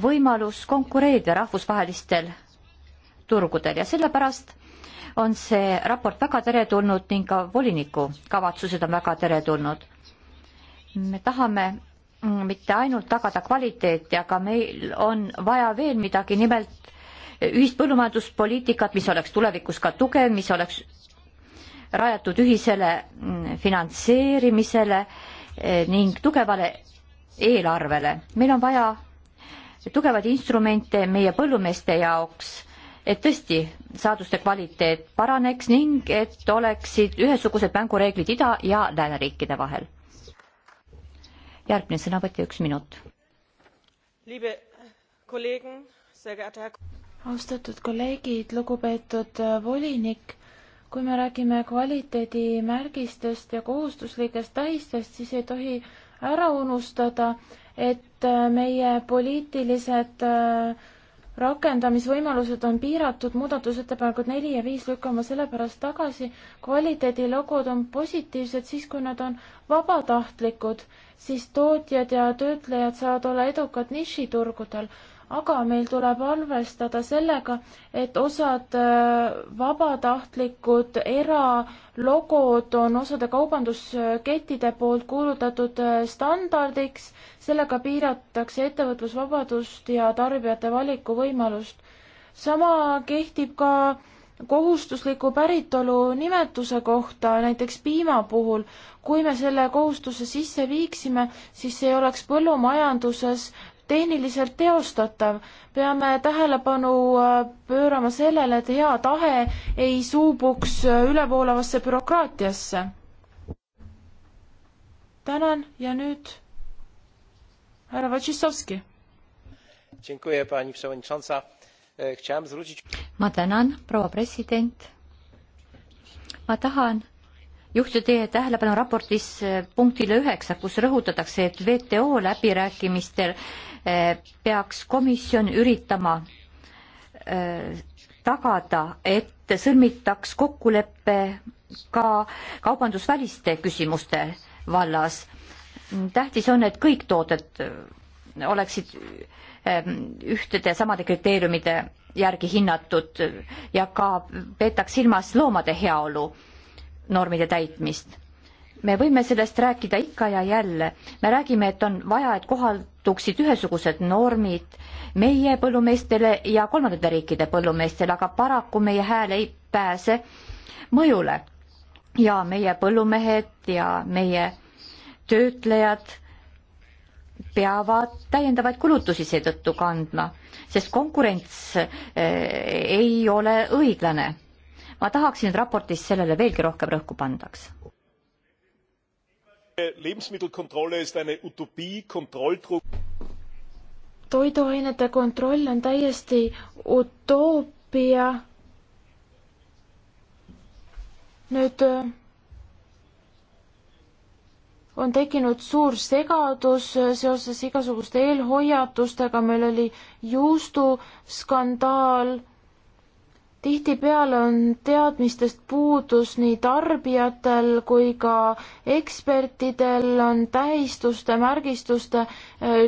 võimalus konkureerida rahvusvahelistel turgudel ja sellepärast on see raport väga teretulnud ning ka voliniku kavatsused on väga teretulnud. me tahame mm, mitte ainult tagada kvaliteeti, aga meil on vaja veel midagi, nimelt ühist põllumajanduspoliitikat, mis oleks tulevikus ka tugev, mis oleks rajatud ühisele mm, finantseerimisele eh, ning tugevale eelarvele. meil on vaja tugevaid instrumente meie põllumeeste jaoks, et tõesti saaduste kvaliteet paraneks ning et oleksid ühesugused mängureeglid ida- ja lääneriikide vahel. järgmine sõnavõtja, üks minut. austatud kolleegid, lugupeetud volinik kui me räägime kvaliteedimärgistest ja kohustuslikest tähistest, siis ei tohi ära unustada, et äh, meie poliitilised äh, rakendamisvõimalused on piiratud, muudatusettepanekud neli ja viis lükkame sellepärast tagasi. kvaliteedilogod on positiivsed siis, kui nad on vabatahtlikud, siis tootjad ja töötlejad saavad olla edukad nišiturgudel aga meil tuleb arvestada sellega, et osad äh, vabatahtlikud eralogod on osade kaubanduskettide poolt kuulutatud äh, standardiks, sellega piiratakse ettevõtlusvabadust ja tarbijate valikuvõimalust. sama kehtib ka kohustusliku päritolu nimetuse kohta, näiteks piima puhul, kui me selle kohustuse sisse viiksime, siis ei oleks põllumajanduses tehniliselt teostatav. peame tähelepanu äh, pöörama sellele, et hea tahe ei suubuks äh, ülevoolavasse bürokraatiasse. tänan ja nüüd härra Vatšistovski. E, ma tänan, proua president. ma tahan juhtida teie tähelepanu raportis eh, punktile üheksa, kus rõhutatakse, et WTO läbirääkimistel eh, peaks komisjon üritama eh, tagada, et sõlmitaks kokkulepe ka kaubandusväliste küsimuste vallas. tähtis on, et kõik tooted oleksid ühtede samade kriteeriumide järgi hinnatud ja ka peetaks silmas loomade heaolu normide täitmist. me võime sellest rääkida ikka ja jälle. me räägime, et on vaja, et kohalduksid ühesugused normid meie põllumeestele ja kolmandate riikide põllumeestele, aga paraku meie hääl ei pääse mõjule. ja meie põllumehed ja meie töötlejad peavad täiendavaid kulutusi seetõttu kandma, sest konkurents eh, ei ole õiglane ma tahaksin, et raportis sellele veelgi rohkem rõhku pandaks. toiduainete kontroll on täiesti utoopia. nüüd äh, on tekkinud suur segadus seoses igasuguste eelhoiatustega, meil oli juustuskandaal tihtipeale on teadmistest puudus nii tarbijatel kui ka ekspertidel, on tähistuste, märgistuste äh,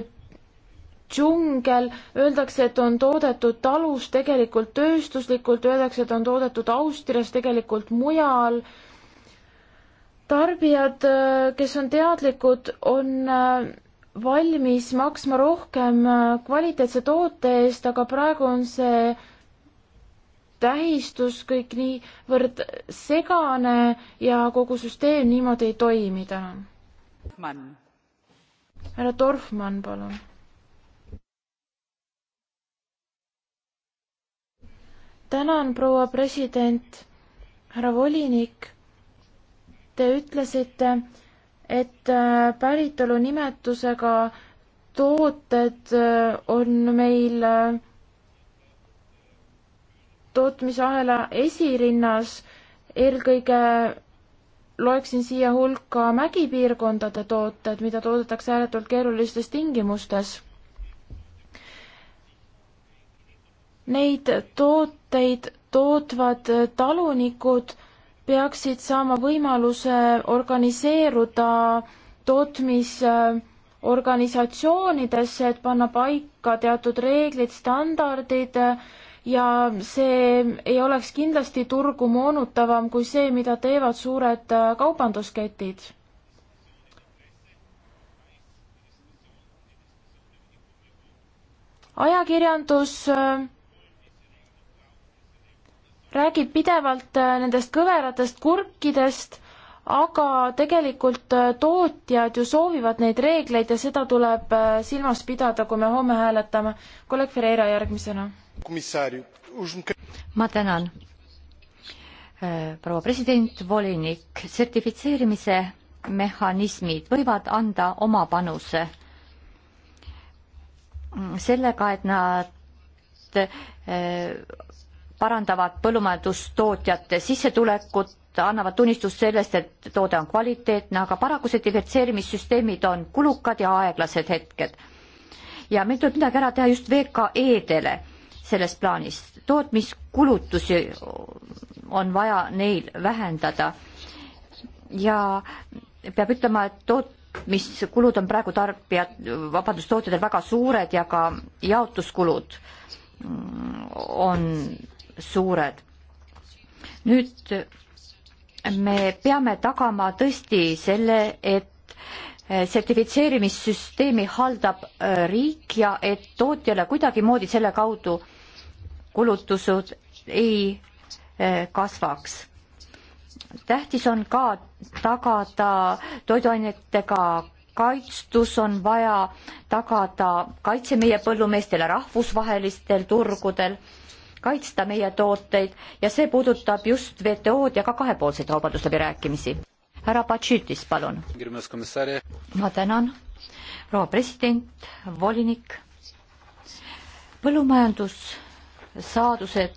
džungel, öeldakse, et on toodetud talus, tegelikult tööstuslikult, öeldakse, et on toodetud Austrias, tegelikult mujal. tarbijad, äh, kes on teadlikud, on äh, valmis maksma rohkem kvaliteetse toote eest, aga praegu on see tähistus kõik niivõrd segane ja kogu süsteem niimoodi ei toimi täna. härra Dorfmann, palun. tänan, proua president, härra volinik. Te ütlesite, et äh, päritolunimetusega tooted äh, on meil äh, tootmisahela esirinnas, eelkõige loeksin siia hulka mägipiirkondade tooted, mida toodetakse ääretult keerulistes tingimustes. Neid tooteid tootvad talunikud peaksid saama võimaluse organiseeruda tootmisorganisatsioonidesse, et panna paika teatud reeglid, standardid, ja see ei oleks kindlasti turgu moonutavam kui see, mida teevad suured äh, kaubandusketid. ajakirjandus äh, räägib pidevalt äh, nendest kõveratest kurkidest, aga tegelikult tootjad ju soovivad neid reegleid ja seda tuleb silmas pidada, kui me homme hääletame. kolleeg Ferreira järgmisena ma tänan, äh, proua president, volinik, sertifitseerimise mehhanismid võivad anda oma panuse sellega, et nad äh, parandavad põllumajandustootjate sissetulekut, annavad tunnistust sellest, et toode on kvaliteetne, aga paraku sertifitseerimissüsteemid on kulukad ja aeglased hetked. ja meil tuleb midagi ära teha just VKE-dele selles plaanis. tootmiskulutusi on vaja neil vähendada ja peab ütlema, et tootmiskulud on praegu tarbijad, vabandust, tootjatel väga suured ja ka jaotuskulud on suured. nüüd me peame tagama tõesti selle, et sertifitseerimissüsteemi haldab riik ja et tootjale kuidagimoodi selle kaudu kulutused ei eh, kasvaks. tähtis on ka tagada toiduainetega kaitstus, on vaja tagada kaitse meie põllumeestele rahvusvahelistel turgudel, kaitsta meie tooteid ja see puudutab just WTO-d ja ka kahepoolseid kaubandusläbirääkimisi. härra Batšitis, palun. ma tänan, proua president, volinik. põllumajandus saadused,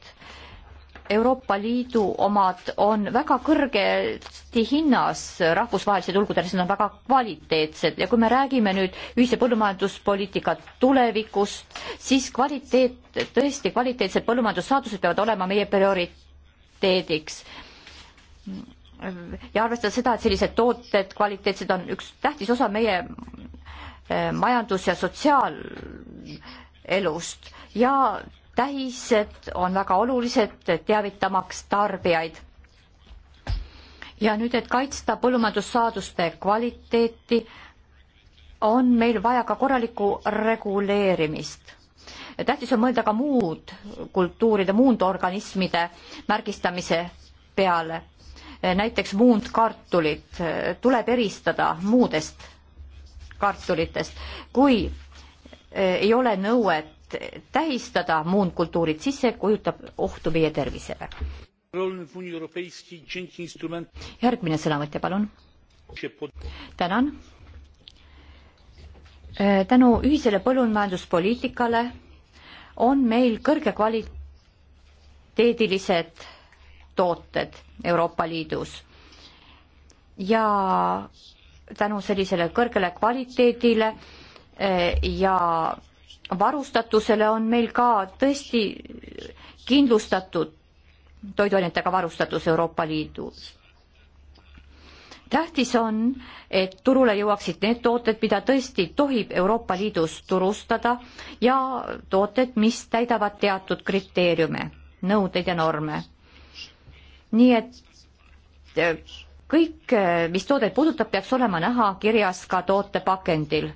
Euroopa Liidu omad on väga kõrgesti hinnas rahvusvahelisel julgudel, siis nad on väga kvaliteetsed ja kui me räägime nüüd ühise põllumajanduspoliitika tulevikust, siis kvaliteet, tõesti kvaliteetsed põllumajandussaadused peavad olema meie prioriteediks. ja arvestada seda, et sellised tooted, kvaliteetsed on üks tähtis osa meie eh, majandus- ja sotsiaalelust ja tähised on väga olulised teavitamaks tarbijaid. ja nüüd, et kaitsta põllumajandussaaduste kvaliteeti, on meil vaja ka korralikku reguleerimist tähtis on mõelda ka muud kultuuride, muundorganismide märgistamise peale. näiteks muundkartulid tuleb eristada muudest kartulitest, kui ei ole nõuet tähistada muunkultuurid, siis see kujutab ohtu meie tervisele. järgmine sõnavõtja, palun. tänan. Äh, tänu ühisele põllumajanduspoliitikale on meil kõrge kvaliteedilised tooted Euroopa Liidus ja tänu sellisele kõrgele kvaliteedile äh, ja varustatusele on meil ka tõesti kindlustatud toiduainetega varustatus Euroopa Liidus. tähtis on, et turule jõuaksid need tooted, mida tõesti tohib Euroopa Liidus turustada ja tooted, mis täidavad teatud kriteeriume, nõudeid ja norme. nii et eh, kõik, eh, mis toodet puudutab, peaks olema näha kirjas ka toote pakendil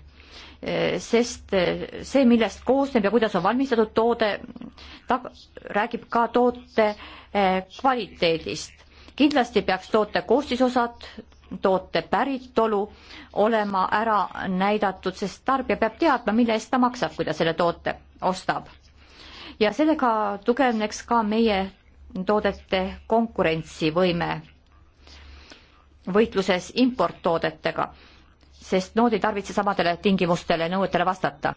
sest eh, see, millest koosneb ja kuidas on valmistatud toode, ta räägib ka toote eh, kvaliteedist. kindlasti peaks toote koostisosad, toote päritolu olema ära näidatud, sest tarbija peab teadma, mille eest ta maksab, kui ta selle toote ostab. ja sellega tugevneks ka meie toodete konkurentsivõime võitluses importtoodetega sest nood ei tarvitse samadele tingimustele, nõuetele vastata.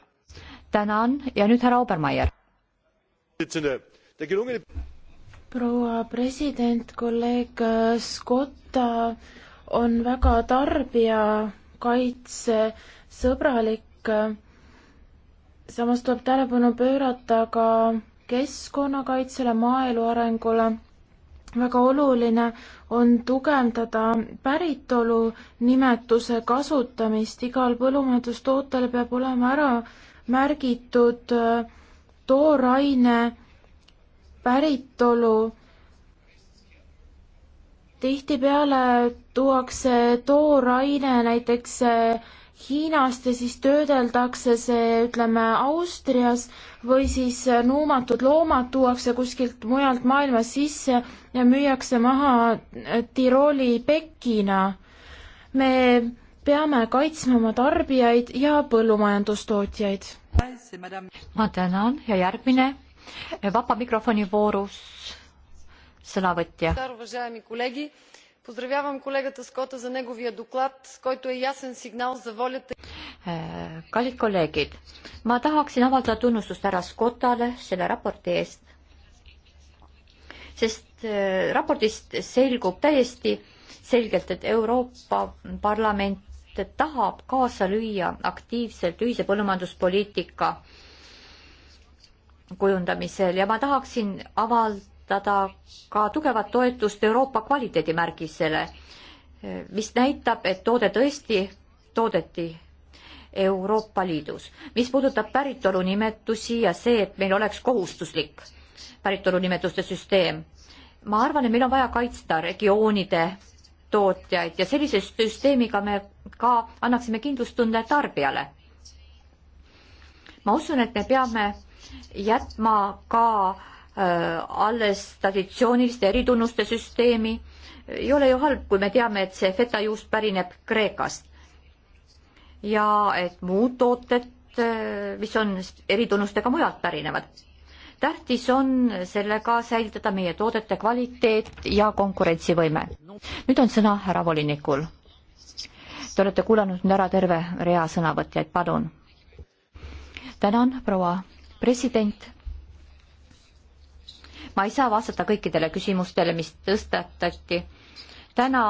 tänan ja nüüd härra Obermeier. proua president, kolleeg Skotta on väga tarbijakaitsesõbralik. samas tuleb tähelepanu pöörata ka keskkonnakaitsele, maaelu arengule väga oluline on tugevdada päritolu nimetuse kasutamist, igal põllumajandustootel peab olema ära märgitud äh, tooraine päritolu. tihtipeale tuuakse tooraine näiteks äh, Hiinast ja siis töödeldakse see, ütleme, Austrias või siis nuumatud loomad tuuakse kuskilt mujalt maailmast sisse ja müüakse maha äh, Tirooli pekina. me peame kaitsma oma tarbijaid ja põllumajandustootjaid. ma tänan ja järgmine äh, vaba mikrofoni voorus sõnavõtja Поздравявам колегата Скота за неговия доклад, който е ясен сигнал за волята. Kallid kolleegid, ma tahaksin avaldada tunnustust härra Scottale selle raporti eest, sest raportist selgub täiesti selgelt, et Euroopa Parlament tahab kaasa lüüa aktiivselt ühise põllumajanduspoliitika kujundamisel ja ma tahaksin avaldada kasutada ka tugevat toetust Euroopa kvaliteedimärgisele, mis näitab, et toode tõesti toodeti Euroopa Liidus. mis puudutab päritolunimetusi ja see, et meil oleks kohustuslik päritolunimetuste süsteem, ma arvan, et meil on vaja kaitsta regioonide tootjaid ja sellise süsteemiga me ka annaksime kindlustunde tarbijale. ma usun, et me peame jätma ka Äh, alles traditsiooniliste eritunnuste süsteemi. ei ole ju halb, kui me teame, et see fetajuust pärineb Kreekast ja et muud tooted, äh, mis on eritunnustega mujalt pärinevad. tähtis on sellega säilitada meie toodete kvaliteet ja konkurentsivõime. nüüd on sõna härra volinikul. Te olete kuulanud nüüd ära terve rea sõnavõtjaid, palun. tänan, proua president ma ei saa vastata kõikidele küsimustele, mis tõstatati täna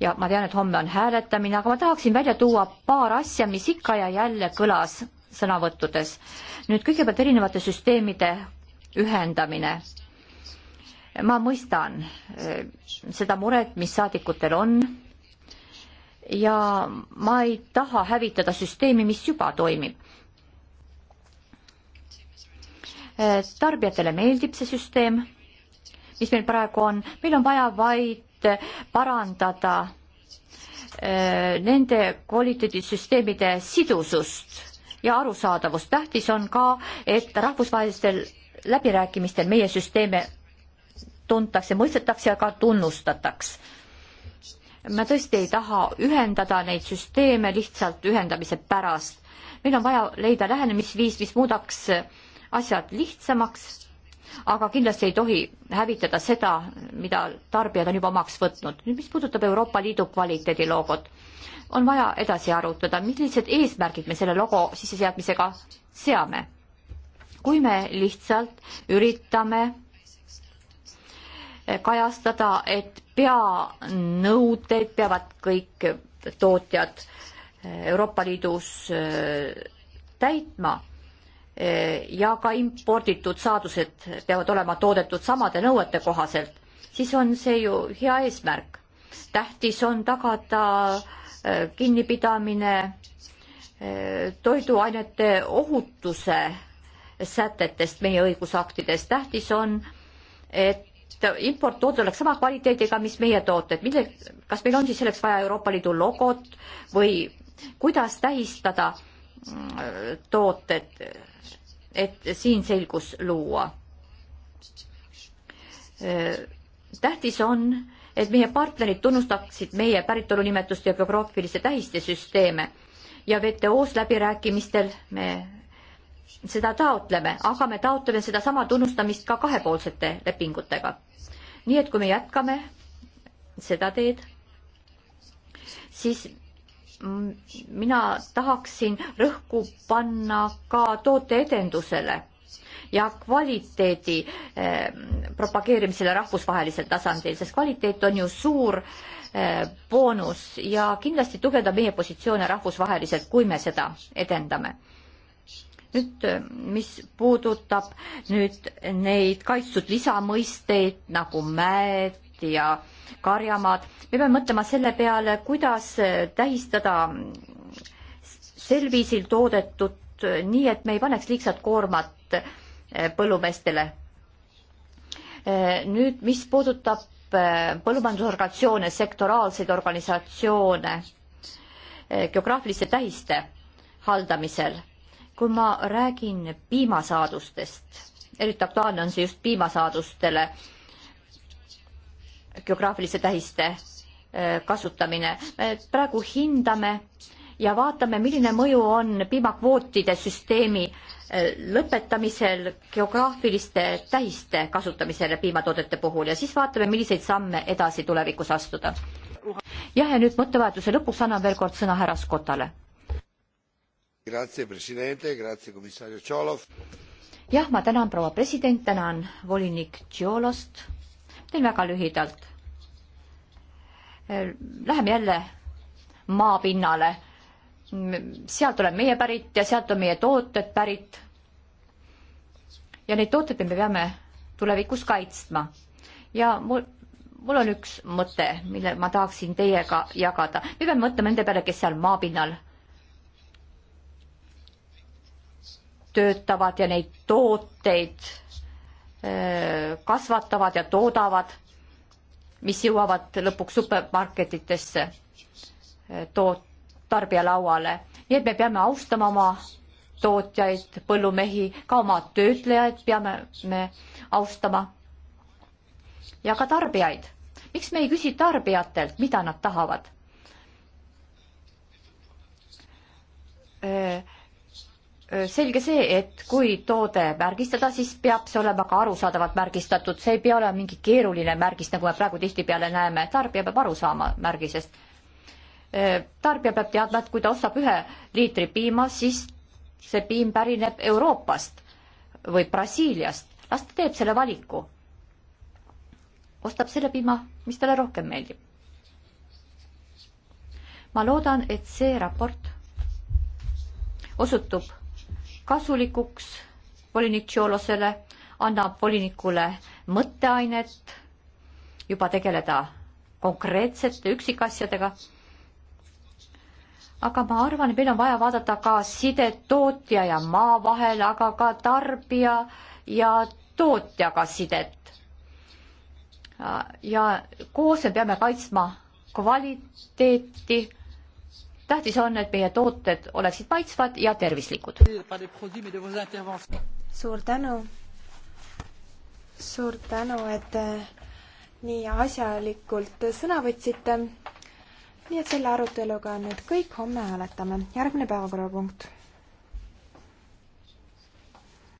ja ma tean, et homme on hääletamine, aga ma tahaksin välja tuua paar asja, mis ikka ja jälle kõlas sõnavõttudes. nüüd kõigepealt erinevate süsteemide ühendamine. ma mõistan eh, seda muret, mis saadikutel on ja ma ei taha hävitada süsteemi, mis juba toimib Eh, tarbijatele meeldib see süsteem, mis meil praegu on, meil on vaja vaid parandada eh, nende kvaliteedisüsteemide sidusust ja arusaadavust. tähtis on ka, et rahvusvahelistel läbirääkimistel meie süsteeme tuntakse, mõistetakse ja ka tunnustataks. ma tõesti ei taha ühendada neid süsteeme lihtsalt ühendamise pärast. meil on vaja leida lähenemisviis, mis muudaks asjad lihtsamaks, aga kindlasti ei tohi hävitada seda, mida tarbijad on juba omaks võtnud. nüüd, mis puudutab Euroopa Liidu kvaliteediloogot, on vaja edasi arutada, millised eesmärgid me selle logo sisseseadmisega seame. kui me lihtsalt üritame kajastada, et peanõudeid peavad kõik tootjad Euroopa Liidus äh, täitma, Eh, ja ka imporditud saadused peavad olema toodetud samade nõuete kohaselt, siis on see ju hea eesmärk. tähtis on tagada eh, kinnipidamine eh, toiduainete ohutuse sätetest meie õigusaktides. tähtis on, et importtoode oleks sama kvaliteediga, mis meie tooted, mille, kas meil on siis selleks vaja Euroopa Liidu logot või kuidas tähistada mm, tooted et siin selgus luua. tähtis on, et meie partnerid tunnustaksid meie päritolunimetuste ja geograafiliste tähiste süsteeme ja WTO-s läbirääkimistel me seda taotleme, aga me taotleme sedasama tunnustamist ka kahepoolsete lepingutega. nii et kui me jätkame seda teed, siis mina tahaksin rõhku panna ka tooteedendusele ja kvaliteedi eh, propageerimisele rahvusvahelisel tasandil, sest kvaliteet on ju suur eh, boonus ja kindlasti tugevdab meie positsioone rahvusvaheliselt, kui me seda edendame. nüüd, eh, mis puudutab nüüd neid kaitstud lisamõisteid nagu mäed ja äh, karjamaad. me peame mõtlema selle peale, kuidas tähistada sel viisil toodetut nii, et me ei paneks liigset koormat eh, põllumeestele. Eh, nüüd, mis puudutab eh, põllumajandusorganisatsioone, sektoraalseid organisatsioone geograafiliste tähiste haldamisel. kui ma räägin piimasaadustest, eriti aktuaalne on see just piimasaadustele geograafiliste tähiste äh, kasutamine. me praegu hindame ja vaatame, milline mõju on piimakvootide süsteemi äh, lõpetamisel geograafiliste tähiste kasutamisele piimatoodete puhul ja siis vaatame, milliseid samme edasi tulevikus astuda. jah, ja nüüd mõttevahetuse lõpuks annan veel kord sõna härra Skotale. jah, ma tänan proua president, tänan volinik Tšiolost teen väga lühidalt. Läheme jälle maapinnale. sealt oleme meie pärit ja sealt on meie tooted pärit. ja neid tooteid me peame tulevikus kaitsma. ja mul, mul on üks mõte, mille ma tahaksin teiega jagada. me peame mõtlema nende peale, kes seal maapinnal töötavad ja neid tooteid kasvatavad ja toodavad, mis jõuavad lõpuks supermarketitesse toot-, tarbija lauale. nii et me peame austama oma tootjaid, põllumehi, ka oma töötlejaid peame me austama ja ka tarbijaid. miks me ei küsi tarbijatelt, mida nad tahavad? selge see, et kui toode märgistada, siis peab see olema ka arusaadavalt märgistatud, see ei pea olema mingi keeruline märgis, nagu me praegu tihtipeale näeme, tarbija peab aru saama märgisest. tarbija peab teadma, et kui ta ostab ühe liitri piima, siis see piim pärineb Euroopast või Brasiiliast, las ta teeb selle valiku. ostab selle piima, mis talle rohkem meeldib. ma loodan, et see raport osutub kasulikuks volinik Tšolosele, annab volinikule mõtteainet juba tegeleda konkreetsete üksikasjadega. aga ma arvan, et meil on vaja vaadata ka sidet tootja ja maa vahel, aga ka tarbija ja tootjaga sidet. ja koos me peame kaitsma kvaliteeti tähtis on, et meie tooted oleksid maitsvad ja tervislikud. suur tänu. suur tänu, et eh, nii asjalikult sõna võtsite. nii et selle aruteluga on nüüd kõik, homme hääletame. järgmine päevakorrapunkt